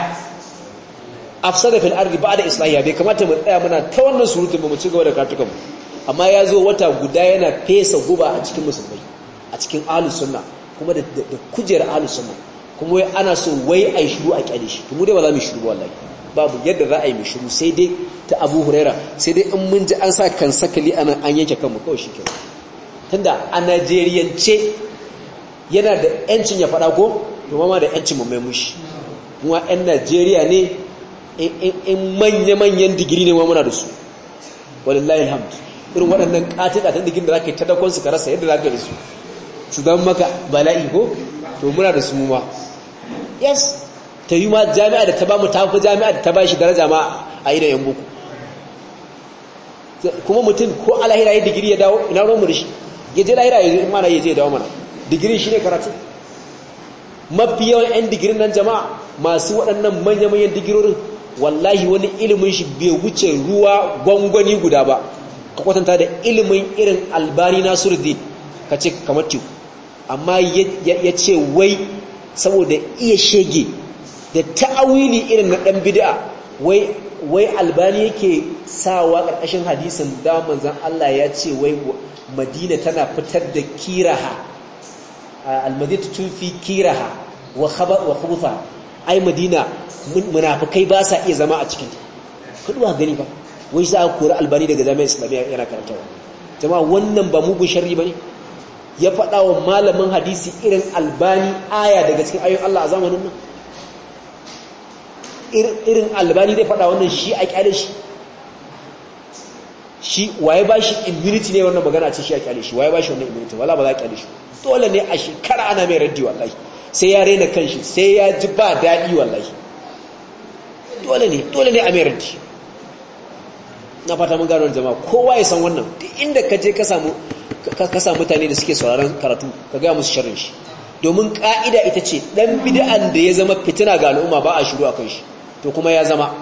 A: afsada fil ardi ba'da islahiya bai kamata mu tsaya muna ta wannan surutun ba mu ci gaba da kartukan amma ya zo wata guda yana fesa guba a cikin musulmai a cikin ahlus sunna kuma da kujerar ahlus sunna kuma ana so wai ai shiru a kyale shi to mu dai ba za mu shiru wallahi babu yadda za a yi shiru sai dai ta abu huraira sai dai in mun ji an sa kan sakali a nan an yanke kanmu kawai shi kyau tunda a najeriyance yana da yancin ya faɗa ko domin ma da yancin mai mushi kuma 'yan najeriya ne in manya-manyan digiri ne muna da su walillahi hamd irin waɗannan ta digin da za ka yi tadakonsu ka rasa yadda za ka da su su zama maka bala'i ko to muna da su ma yes ta yi ma jami'a da ta ba mu tafi jami'a da ta ba shi daraja ma a yi da yan buku kuma mutum ko alahira ya digiri ya dawo ina ruwan murishi ya je lahira ya zo mana ya je dawo mana digiri shi ne karatu mafi yawan 'yan digiri nan jama'a masu waɗannan manya-manyan digirorin wallahi wani ilimin shi bai wuce ruwa gwangwani guda ba ka kwatanta da ilimin irin albari na surdi ka ce kamar teku amma ya ce wai saboda iya shege da ta'awili irin na dan bid'a wai wai albani yake sawa karkashin hadisin da manzon Allah ya ce wai Madina tana fitar da kiraha almadinatu tufi kiraha wa khaba wa ai Madina munafukai ba sa iya zama a cikin kuduwa gani ba wai za a kori albani daga zamanin islamiyya yana karantawa jama'a wannan ba mugun sharri ne? ya faɗa wa malamin hadisi irin albani aya daga cikin ayoyin Allah a zamanin nan irin albani zai faɗa wannan shi a kyale shi shi waye ba shi immunity ne wannan magana ce shi a kyale shi waye ba shi wannan immunity wala ba za a kyale shi dole ne a shekara ana mai raddi wallahi sai ya rena kanshi sai ya ji ba daɗi wallahi dole ne dole ne a mai raddi na fata mun gano jama'a kowa ya san wannan duk inda ka je ka samu ka samu mutane da suke sauraron karatu ka ga musu sharrin shi domin ka'ida ita ce dan bid'an da ya zama fitina ga al'umma ba a shiru akan shi to kuma ya zama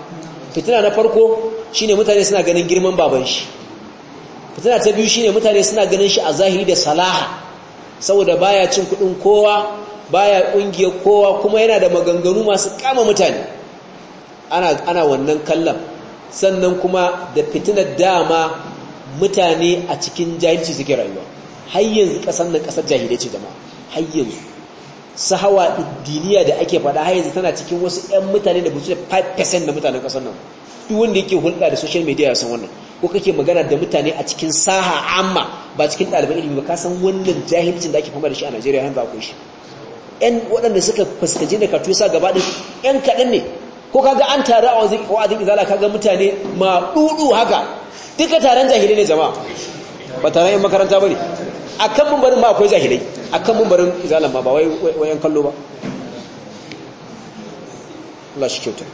A: fitina na farko shine mutane suna ganin girman baban shi fitina ta biyu shine mutane suna ganin shi a zahiri da salaha saboda baya cin kudin kowa baya kungiyar kowa kuma yana da maganganu masu kama mutane ana ana wannan kallon sannan kuma da fitinar dama mutane a cikin jahilci suke rayuwa har yanzu kasar nan kasar jahilai jama'a har yanzu sahawa diniya da ake faɗa har yanzu tana cikin wasu 'yan mutane da mutu 5% na mutanen ƙasar nan duk wanda yake hulɗa da social media ya san wannan ko kake magana da mutane a cikin saha amma ba cikin ɗaliban ilimi ba ka san wannan jahilcin da ake fama da shi a Najeriya yanzu akwai shi ƴan waɗanda suka fuskaci da katusa gaba ɗin ƴan kaɗan ne ko kaga an taru a wa'azin izala kaga mutane ma ɗuɗu haka duka taron jahilai ne jama'a ba taron 'yan makaranta ba ne a kan ma akwai jahilai a kan mumbarin izalan ba wai wayan kallo ba Allah shi kyauta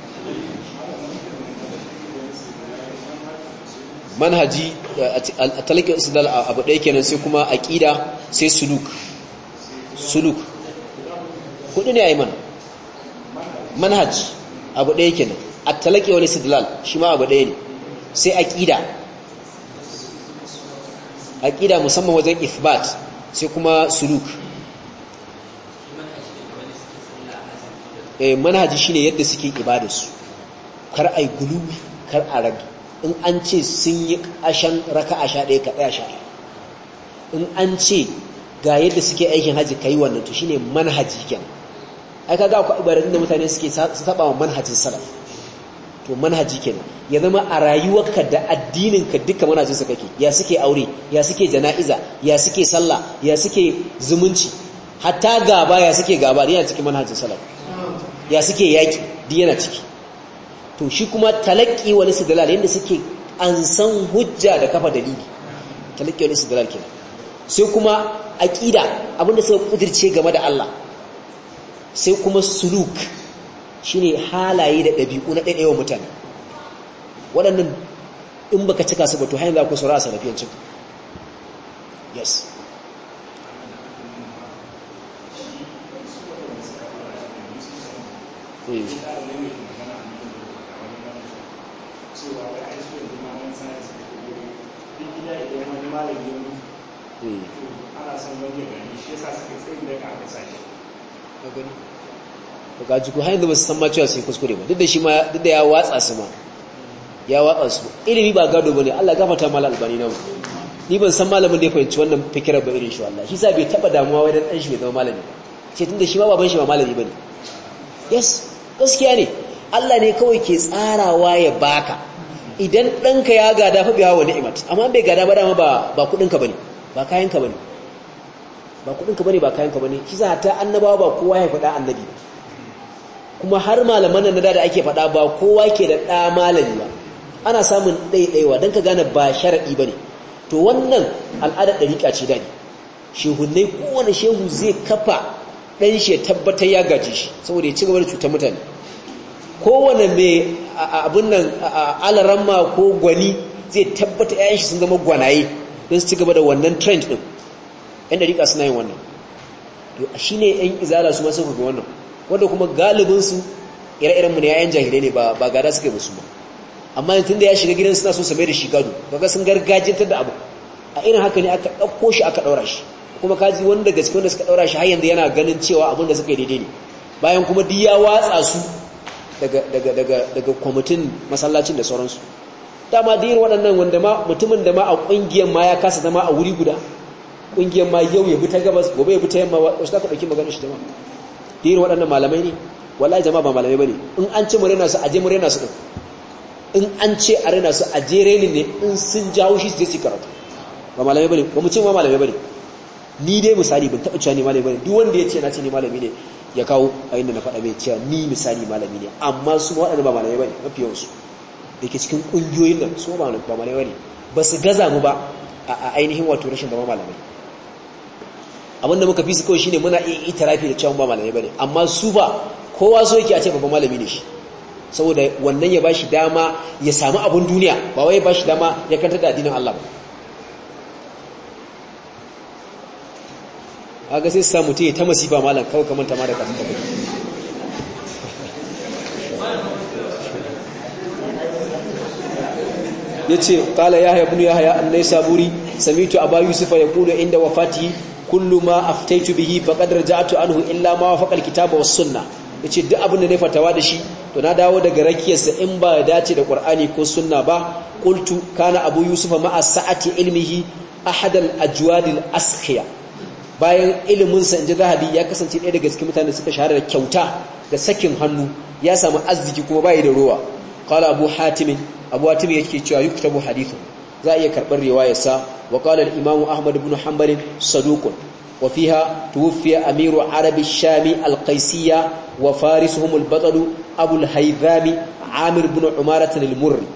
A: manhaji eh, a talakin isdal abu ɗaya kenan sai kuma aƙida sai suluk suluk hudu ne a yi mana manhaji abu ɗaya kenan a talaƙe wani sidlal shi ma abu ɗaya ne sai aƙida aƙida musamman wajen ifbat sai kuma suluk eh, manhaji ne yadda suke ibadarsu kar a yi guluwi kar a rabi in an ce sun yi ashen raka a sha ɗaya ka ɗaya sha in an ce ga yadda suke aikin haji ka yi wannan to shine manhaji kenan ai ga akwai ibadar da mutane suke saba wa manhajin salafi to manhaji kenan ya zama a rayuwarka da addininka duka manhajinsa kake ya suke aure ya suke jana'iza ya suke sallah ya suke zumunci hatta gaba ya suke gaba yana cikin manhajin salaf ya suke yaki duk yana ciki to shi kuma talaqi wal istidlal yanda suke ansan hujja da kafa dalili wani wal istidlal kenan sai kuma aqida abinda suka kudirce game da Allah sai kuma suluk shine halaye da ɗabi'u na ɗaiɗaiwa mutane waɗannan in baka cika su ba to hanyar za ku saura a sanafiyar cika yes hmm. Hmm. Hmm. ana son wajen gani shi yasa suka tsaye daga aka sashi to ga jiku har yanzu ba su san macewa cewa yi kuskure ba duk da shi ma duk da ya watsa su ma ya watsa su ilimi ba gado ba ne Allah gafata mala albani na ni ban san malamin da ya fahimci wannan fikirar ba irin shi wallahi shi sa bai taba damuwa wai dan dan shi bai zama malami ce da shi ma ban shi ba malami ba ne yes gaskiya ne Allah ne kawai ke tsarawa ya baka idan ɗanka ya gada fa biya wa ni'imat amma bai gada ba dama ba kuɗinka bane ba kayanka bane ba kuɗinka bane ba kayanka bane shi za ta annabawa ba kowa ya faɗa annabi ba kuma har malaman nan da ake faɗa ba kowa ke da ɗa malami ba ana samun ɗaiɗaiwa don ka gane ba sharaɗi ba ne to wannan al'adar ɗariƙa ce daɗi shehunai kowane shehu zai kafa ɗan shi ya tabbatar ya gaji shi saboda ya ci gaba da cutar mutane kowane mai abin nan alaramma ko gwani zai tabbata 'ya'yan shi sun zama gwanaye don su ci gaba da wannan trend ɗin 'yan ɗariƙa suna yin wannan to shi ne 'yan izala su masu ga wannan wanda kuma galibinsu ire-irenmu ne yayan jahilai ne ba gada suka yi musu ba amma tun da ya shiga gidan suna so same da shi gado daga sun gargajiyar da abu a irin haka ne aka ɗauko shi aka ɗaura shi kuma kaji wani daga gaske wanda suka ɗaura shi har yanzu yana ganin cewa abin da suka yi daidai ne bayan kuma duk ya watsa su daga kwamitin masallacin da sauransu dama da yin waɗannan wanda ma mutumin da ma a ƙungiyar ma ya kasa zama a wuri guda ƙungiyar ma yau ya bi ta gabas gobe ya bi ta yamma wasu ka ɗauki maganar shi jama'a dir waɗannan malamai ne wallahi jama'a ba malamai bane in an ce murena su aje murena su in an ce a rena su aje reni ne in sun jawo shi su su karatu ba malamai bane ba mu ce ma malamai bane ni dai misali ban taɓa cewa ni malami bane duk wanda ya ce na ce ni malami ne ya kawo a inda na faɗa mai cewa ni misali malami ne amma su ma waɗanda ba malamai bane mafi yawansu da ke cikin ƙungiyoyin nan su ba malamai bane ba su gaza mu ba a ainihin wato rashin zama malamai abinda muka fi su kawai shine muna iya itirafi da cewa ba malami bane amma su ba kowa so yake a ce babban malami ne shi saboda wannan ya bashi dama ya samu abun duniya ba wai ya bashi dama ya kanta da addinin Allah ba ga sai sa mutum ya ta masifa malam kawai kamar ta ma da kafin kafin yace ya yahya ibn yahya an-naysaburi samitu aba yusufa yaqulu inda wafati kullu ma aftaitu bihi faqad raja'tu anhu illa ma wafaqa alkitaba was sunnah yace duk abin da ne fatawa da shi to na dawo daga rakiyarsa in ba ya dace da qur'ani ko sunna ba qultu kana abu yusufa ma sa'ati ilmihi ahad al-ajwad al-askhiya bayan ilimin sa inji zahabi ya kasance ɗaya daga cikin mutanen da suka shahara da kyauta da sakin hannu ya samu arziki kuma bai da ruwa qala abu hatim abu hatim yake cewa yuktabu hadithu za a iya karbar riwayarsa وقال الإمام أحمد بن حنبل صدوق وفيها توفي أمير عرب الشام القيسية وفارسهم البطل أبو الهيثام عامر بن عمارة المري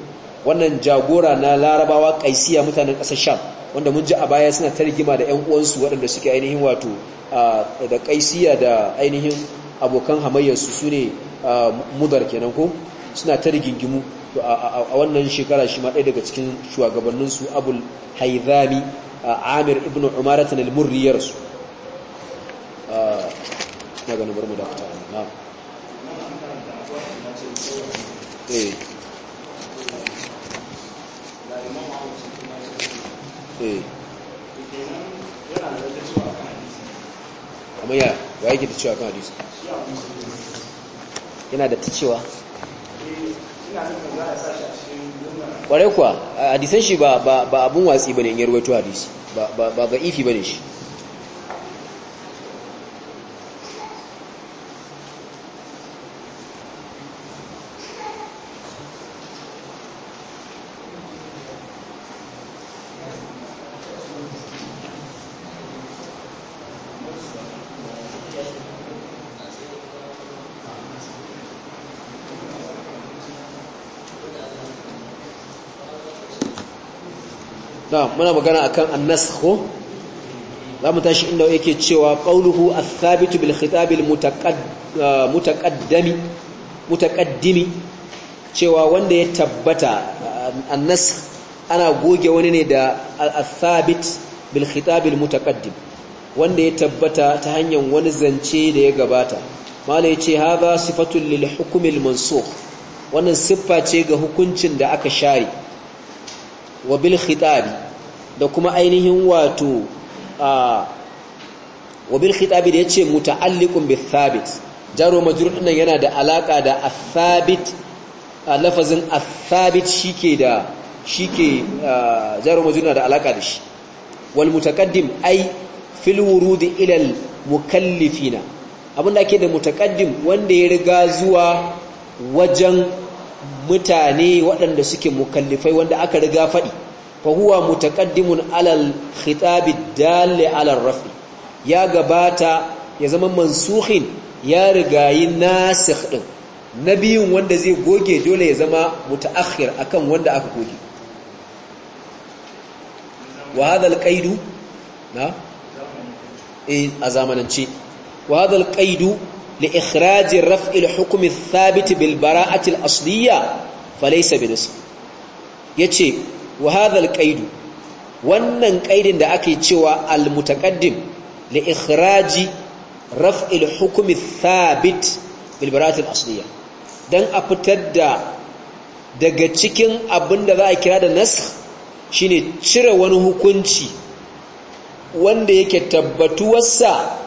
A: wannan jagora na larabawa kaisiya mutanen ƙasar sham wanda mun ji a baya suna tarjima da yan uwansu waɗanda suke ainihin wato da kaisiya da ainihin abokan hamayyarsu su ne mudar kenan ko suna ta rigingimu a wannan shekara shi ma ɗaya daga cikin shugabanninsu abul haizami amir ibn umaratan al murriyarsu a eh. Eh. amma ya cewa kan hadisi yana da ta cewa kwarai kuwa hadisan shi ba abin watsi ba ne in yarwaito hadisi ba ba ifi ba ne shi muna magana akan annas ko za mu tashi inda yake cewa qauluhu athabitu bil khitabil ah, mutaqaddami mutaqaddimi cewa wanda ya tabbata ah, annas ana goge wani ne da athabit bil khitabil mutaqaddim wanda ya tabbata ta hanyar wani zance da ya gabata mala yace hadha sifatul lil hukmil mansukh wannan siffa ce ga hukuncin da aka share wa bil khitabi da kuma ainihin wato a wabil khitabi da yace muta'alliqun bi thabit jaro majrur din yana da alaka da athabit lafazin athabit shike da shike jaro majrur da alaka da shi wal mutaqaddim ay fil wurud ila al mukallifina abinda ake da mutaqaddim wanda ya riga zuwa wajen mutane waɗanda suke mukallifai wanda aka riga faɗi fa huwa mutaqaddimun alal khitab ad-dall rafi ya gabata ya zama mansukhin ya rigayi nasikh na biyun wanda zai goge dole ya zama mutaakhir akan wanda aka goge wa hadha al-qaidu na eh, a zamanance wa hadha al-qaidu li ikhraj raf'i al-hukm bil bara'ati asliyya falaysa bi yace wa hadha alqaid wannan qaidin da ake cewa almutaqaddim li ikhraji raf'il hukm thabit bil bara'at al-asliya dan a fitar da daga cikin abin da za a kira da nasakh shine cire wani hukunci wanda yake tabbatuwarsa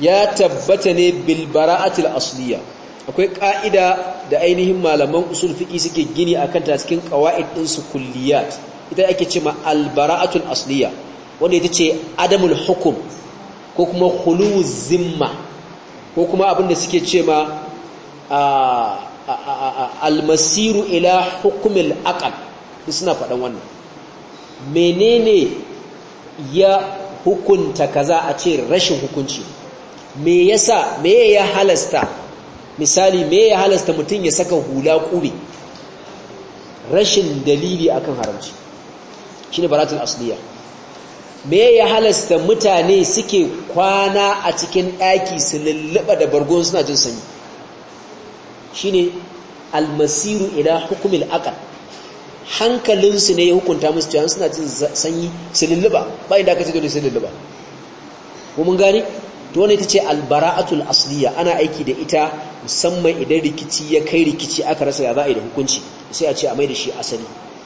A: ya tabbata ne bil bara'atil asliya akwai ƙa'ida da ainihin malaman usul fiƙi suke gini a kanta cikin ƙawa'id ɗinsu kulliyat ita ake ce ma albara'atul asliya wanda ita ce adamul hukum ko kuma hulu zimma ko kuma abinda suke ce ma almasiru ila hukumil akal suna faɗan wannan menene ya hukunta kaza a ce rashin hukunci me yasa me ya halasta misali me ya halasta mutum ya saka hula kube rashin dalili akan haramci shine baratul asliya me ya halasta mutane suke kwana a cikin ɗaki su lulluba da bargon suna jin sanyi shine almasiru ila hukumil aqal hankalinsu ne ya hukunta musu cewa suna jin sanyi su lulluba ba inda aka ce dole su lulluba ko mun gani to wani ita ce albara'atul asliya ana aiki da ita musamman idan rikici ya kai rikici aka rasa ya za a yi da hukunci sai a ce a mai da shi asali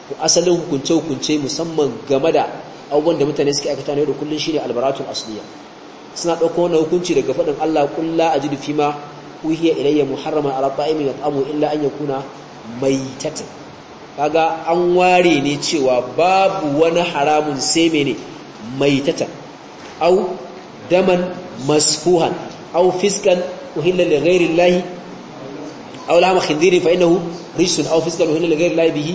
A: to asalin hukunce hukunce musamman game da abubuwan da mutane suke aikata yau da kullun shine albara'atul asliya suna ɗauko wani hukunci daga faɗin Allah kulla a ajidu fima uhiya ilayya rabba imin ya tsamo illa an yakuna maitatan kaga an ware ne cewa babu wani haramun sai mene maitatan au daman masfuhan aw fiskan uhilla li ghayri llahi aw khindirin fa innahu rijsun aw fiskan uhilla li ghayri llahi bihi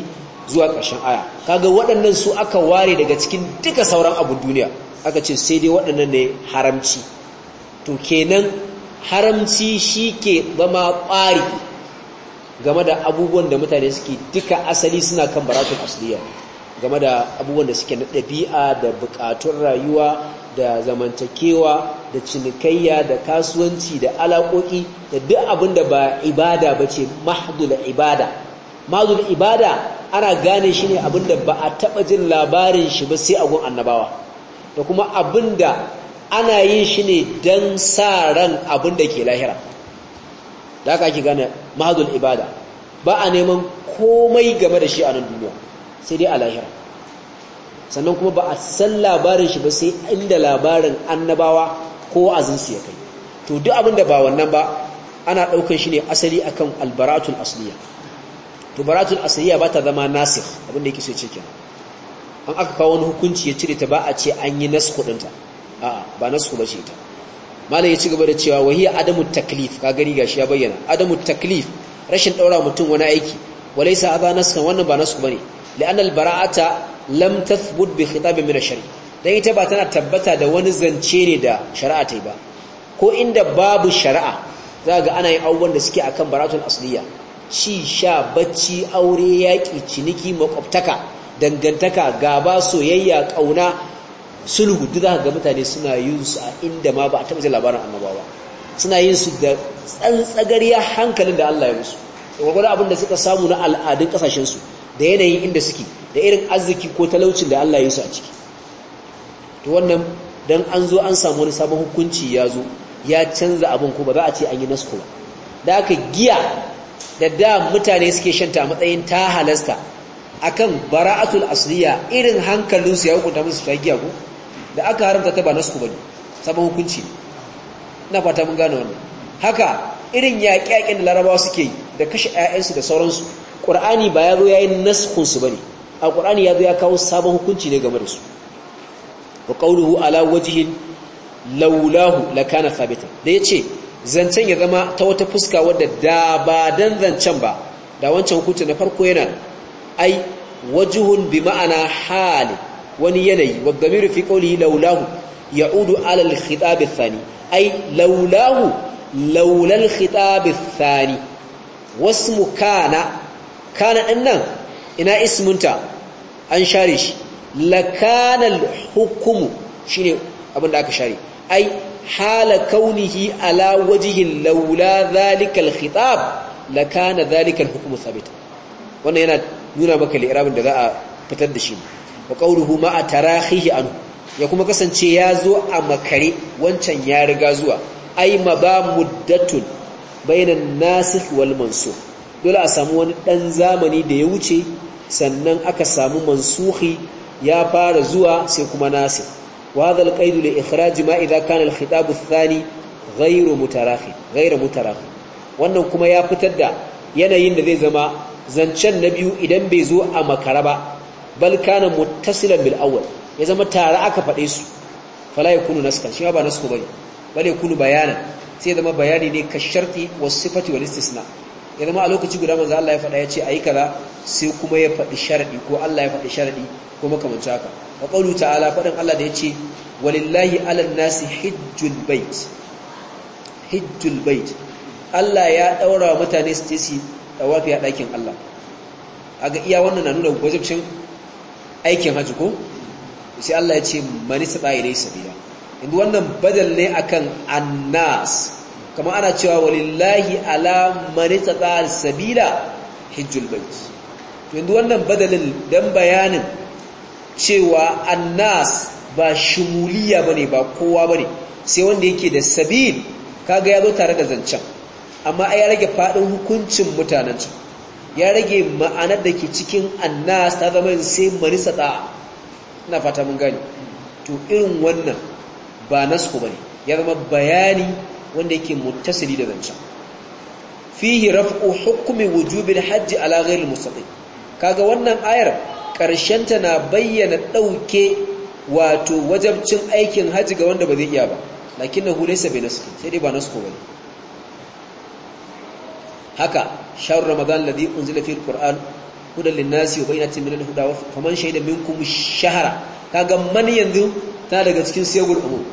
A: zuwa ƙarshen aya kaga waɗannan su aka ware daga cikin duka sauran abun duniya aka ce sai dai waɗannan ne haramci to kenan haramci shi ke zama ƙwari game da abubuwan da mutane suke duka asali suna kan baratun asliya game da abubuwan da suke na ɗabi'a da buƙatun rayuwa da zamantakewa da cinikayya da kasuwanci da alaƙoƙi da duk abin da ba ibada ba ce mahdul ibada mahdul ibada ana gane shi ne abin da ba a taɓa jin labarin shi ba sai a annabawa da kuma abin da ana yin shi ne don sa ran abin da ke lahira da aka ake gane mahdul ibada ba a neman komai game da shi a nan duniya sai dai a lahira sannan kuma ba a san labarin shi ba sai inda labarin annabawa ko azinsu ya kai to duk abinda ba wannan ba ana ɗaukar shi ne asali akan albaratul asliya to baratul asliya ba ta zama nasir abin da yake so ce kenan an aka kawo wani hukunci ya cire ta ba a ce an yi nasku ɗinta a'a ba nasku ba ce ta malam ya ci gaba da cewa wahiya adamu taklif ka gari gashi ya bayyana adamu taklif rashin ɗaura mutum wani aiki walaisa adha naskan wannan ba nasku bane لأن البراءة لم تثبت بخطاب من shari'a. dan ita ba tana tabbata da wani zance ne da shari'a ta ba ko inda babu shari'a za ga ana yin abubuwan da suke akan baratul asliya ci sha bacci aure yaƙi ciniki makwabtaka dangantaka gaba soyayya ƙauna sulhu duk za ga mutane suna yin su a inda ma ba a taɓa labarin annabawa suna yin su da tsantsagariya hankalin da Allah ya musu gwagwada abin da suka samu na al'adun ƙasashensu da yanayin inda suke da irin arziki ko talaucin da Allah ya su a ciki to wannan dan an zo an samu wani sabon hukunci ya zo ya canza abin ko ba za a ce an yi nasko ba da aka giya da da mutane suke shanta matsayin ta halasta akan bara'atul asliya irin su ya hukunta musu ta giya ko da aka haramta ta ba nasko ba sabon hukunci ina fata mun gane wannan haka irin yaƙe yaƙin da larabawa suke yi da kashe 'ya'yansu da sauransu ƙur'ani ba ya zo ya yi naskunsu ba ne a ƙur'ani ya zo ya kawo sabon hukunci ne game da su wa ƙauluhu ala wajihin laulahu la kana da ya ce zancen ya zama ta wata fuska wadda da ba dan zancen ba da wancan hukunci na farko yana ai wajuhun bi ma'ana hali wani yanayi wa gamiru fi qawlihi laulahu ya'udu ala al-khitab ai laulahu laulal al-khitab ath-thani wasmu kana kana ɗin nan ina isminta an share shi lakanal hukumu shine abin da aka share ai hala kaunihi ala wajihin laula zalikal khitab lakana zalikal hukumu sabita wannan yana nuna maka li'irabin da za a fitar da shi wa qawluhu ma tarahihi anhu ya kuma kasance ya zo a makare wancan ya riga zuwa ai ma ba muddatun bainan nasikh wal mansukh dole a samu wani ɗan zamani da ya wuce sannan aka samu mansuhi ya fara zuwa sai kuma nasir wa hadha alqaidu li ma idha kana alkhitab wannan kuma ya fitar da yanayin da zai zama zancen na biyu idan bai zo a makara ba bal kana bil awwal ya zama tare aka faɗe su fala yakunu naskan shi ba nasko bane bal kunu bayanan sai zama bayani ne ka sharti wasu sifati wal istisna ya zama a lokaci guda manzo Allah ya faɗa ya ce ayi kaza sai kuma ya faɗi sharadi ko Allah ya faɗi sharadi ko makamanta haka wa qawlu ta'ala faɗin Allah da ya ce walillahi 'alan nasi hijjul bait Allah ya daura mutane su tisi tawafi a ɗakin Allah aga iya wannan na nuna wajibcin aikin haji ko sai Allah ya ce manisa ba ilai inda wannan badal ne akan annas kamar ana cewa walillahi ala manita tsar sabila hijjul bait yanzu wannan badalin dan bayanin cewa annas ba shimuliya bane ba kowa bane sai wanda yake da sabil kaga ya zo tare da zancen amma ya rage fadin hukuncin mutanen can ya rage ma'anar da ke cikin annas ta zama sai manisa ta ina fata mun gani to irin wannan ba nasu bane ya zama bayani wanda yake muttasiri da zancen fihi raf'u hukmi wujubil hajji ala ghairi mustaqim kaga wannan ayar karshen ta na bayyana dauke wato wajabcin aikin haji ga wanda ba zai iya ba lakinnahu laysa bi naskin sai dai ba nasko bane haka shahr ramadan ladhi unzila fil qur'an hudan linnasi wa bayyinatin minal huda wa faman shahida minkum shahara kaga man yanzu ta daga cikin sayyidul umum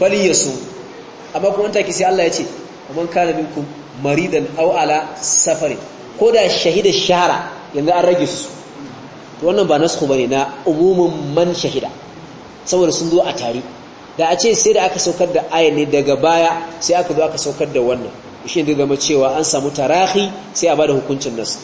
A: falyasum amma kuma take sai Allah ya ce man kana minkum maridan aw ala safari ko da shahida shahara yanzu an rage su to wannan ba nasu bane na umumin man shahida saboda sun zo a tare da a ce sai da aka saukar da aya ne daga baya sai aka zo aka saukar da wannan shi ne zama cewa an samu tarahi sai a bada hukuncin nasu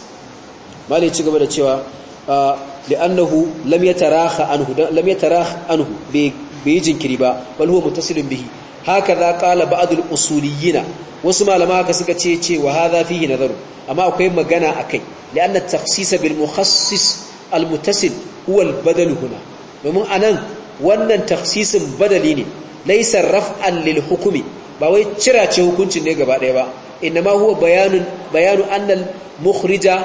A: malai ci gaba da cewa ah, li'annahu lam yataraha anhu lam yataraha anhu bai jinkiri ba bal huwa muttasilun bihi haka za ƙala ba'adul usuliyina wasu malama haka suka ce ce wa hadha fihi nazaru amma akwai magana akai li'anna takhsisa bil mukhassis al mutasil huwa al badal huna domin anan wannan takhsisin badali ne laysa raf'an lil hukmi ba wai cira ce hukuncin ne gaba ɗaya ba inma huwa bayanun bayanu anna al mukhrija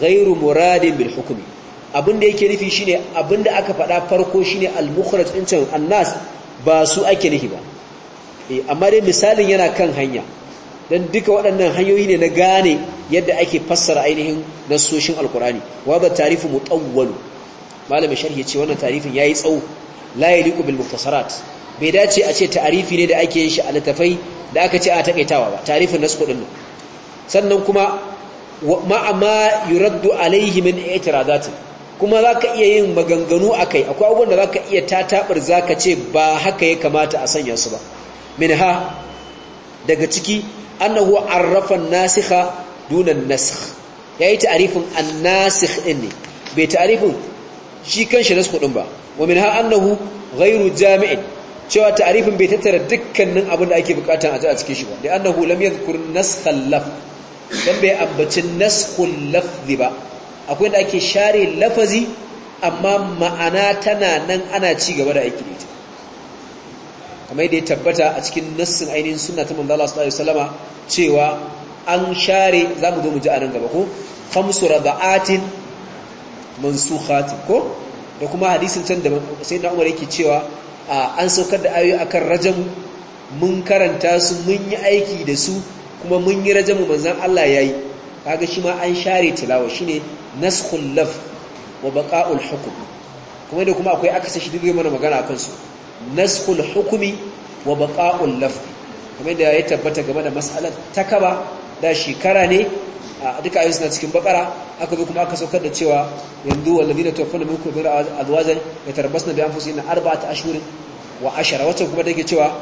A: ghayru muradin bil hukmi abinda yake nufi shine abinda aka faɗa farko shine al mukhraj can annas ba su ake nufi ba Eh, amma dai misalin yana kan hanya don duka waɗannan hanyoyi ne na gane yadda ake fassara ainihin nasoshin alkurani wa ba tarifu mutawwal malamin sharhi ce wannan tarifin yi tsawo la liku bil muftasarat bai dace a ce tarifi ne da ake yin shi a littafai da aka ce a taƙaitawa ba tarifin nasu kudin nan sannan kuma ma'a ma yuraddu alaihi min i'tiradati kuma za ka iya yin maganganu a kai, akwai abubuwan da za ka iya tatabar ka ce ba haka ya kamata a sanya su ba minha daga ciki annahu arrafa an-nasikha duna an-nasakh yayi ta'rifin an-nasikh ne bai ta'rifin shi kanshi nasku din ba wa minha annahu ghairu jami'in cewa ta'rifin bai tattara dukkanin abin da ake bukatan a a cikin shi ba da annahu lam yadhkur naskha al-laf dan bai ambaci naskhul lafzi ba akwai da ake share lafazi amma ma'ana tana nan ana ci gaba da aiki da ita kamar yadda ya tabbata a cikin nassin ainihin suna ta mandala su sallallahu salama cewa an share mu zo mu ji a nan gaba ko khamsu radaatin mansukhat ko da kuma hadisin can da na Umar yake cewa an saukar da ayoyi akan rajamu mun karanta su mun yi aiki da su kuma mun yi rajamu manzan Allah ya yayi kaga shi ma an share tilawa shine naskhul laf wa baqa'ul hukm kuma da kuma akwai akasa shi duk mana magana akan su naskul hukumi wa baqa'ul lafzi kamar da ya tabbata game da mas'alar takaba da shekara ne a duka ayoyi suna cikin bakara aka zo kuma aka saukar da cewa yanzu wallazina tawaffawna minkum bi azwajin yatarabbasna bi anfusihinna arba'ata ashhurin wa ashara wacce kuma take cewa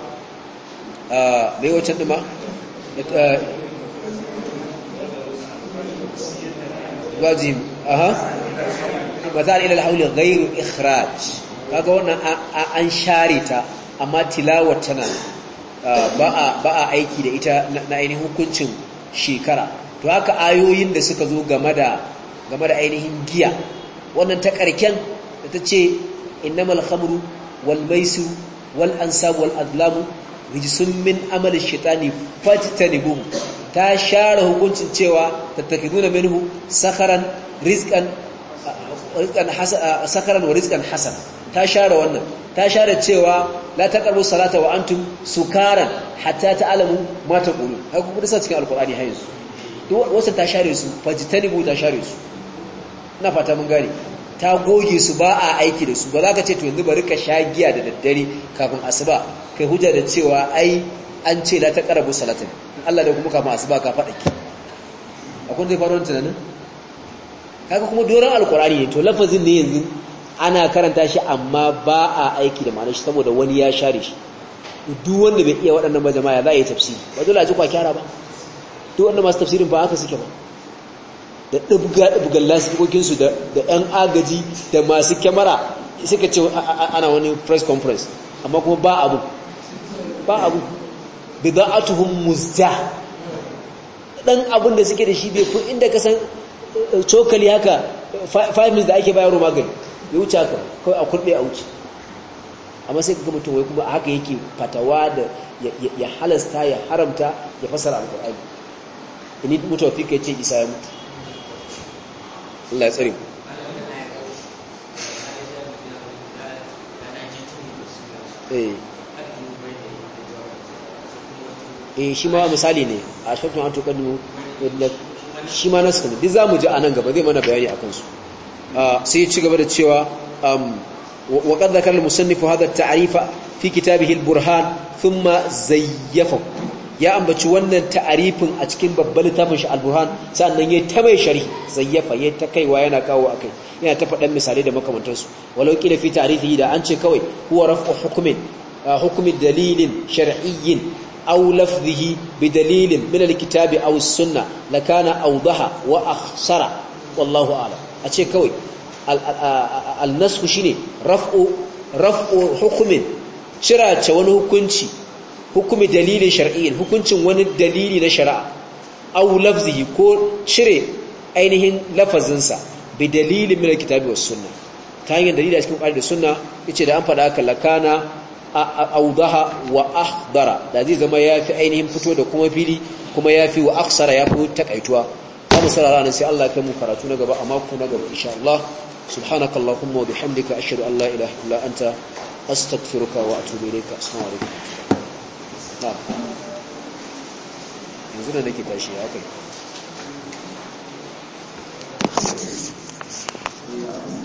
A: mai wacce duma? ma wajib aha matal ila al-hawl ghayr ikhraj kaga wannan an share ta amma tilawar tana ba a aiki da ita na ainihin hukuncin shekara to haka ayoyin da suka zo game da ainihin giya wannan ta karken da ta ce innamal khamru wal maisu wal ansab wal adlamu rijsun min amal shaitani fajtanibum ta share hukuncin cewa tattakiduna minhu nuna rizqan rizqan sakaran wa rizqan hasan. ta share wannan ta share cewa la taqrabu salata wa antum sukaran hatta ta'lamu ma taqulu haka kuma sa cikin alqur'ani ha yanzu to wasu ta share su fajtanibu ta share su ina fata mun gane ta goge su ba a aiki da su ba za ka ce to yanzu bari ka sha giya da daddare kafin asuba kai hujja da cewa ai an ce la taqrabu in Allah da kuma kafin asuba ka fada ki akwai zai faru tunanin kaga kuma doran alkur'ani ne to lafazin ne yanzu ana karanta shi amma ba a aiki da ma'ana shi saboda wani ya share shi duk wanda bai iya waɗannan ba jama'a za a yi tafsiri ba dole a ji kwakyara ba duk wanda masu tafsirin ba haka suke ba da ɗibga-ɗibgan lasikokinsu da ‘yan agaji da masu kyamara suka ce ana wani press conference amma kuma ba abu ba abu da za a tuhun muzja ɗan abin da suke da shi bai kun inda ka san eh, cokali haka 5 minutes da ake bayan magani ya wuce haka kawai a kurɗe a wuce amma sai ga mutum wai kuma a haka yake fatawa da ya halasta ya haramta ya fasara alƙur'ani ini mutuwa fi kai ce isa ya mutu Allah ya tsari eh. eh shi ma misali ne a shafin an da shi ma nasu ne duk za mu ji a nan gaba zai mana bayani a kansu sai ci gaba da cewa waƙar qad dhakara al-musannif hadha tarifa fi kitabihi al-burhan thumma zayyafa ya ambaci wannan ta'arifin a cikin babban littafin shi burhan sannan ya ta mai sharhi zayyafa ya ta kaiwa yana kawo a kai yana ta faɗan misalai da makamantansu walau qila fi ta'rifihi da an ce kawai huwa raf'u hukumin hukmi dalilin shar'iyyin aw lafzihi bi dalilin min alkitabi aw lakana awdaha wa akhsara wallahu a'lam a ce kawai al-nasku shine rafo raf'u hukumin cirace wani hukunci hukumi dalilin shari'in, hukuncin wani dalili na shari'a au lafzihi ko cire ainihin lafazinsa bi dalilin min al-kitabi was sunnah ta hanyar dalilin a cikin Qur'ani da sunna ice da an faɗa haka lakana audaha wa ahdara da zai zama yafi ainihin fito da kuma fili kuma yafi wa aksara yafi takaituwa zamu sarara nan sai Allah ya kai mu karatu na gaba a mako na gaba insha Allah subhanakallahumma wa bihamdika ashhadu an la ilaha illa anta astaghfiruka wa atubu ilayka assalamu alaikum yanzu da nake tashi ya kai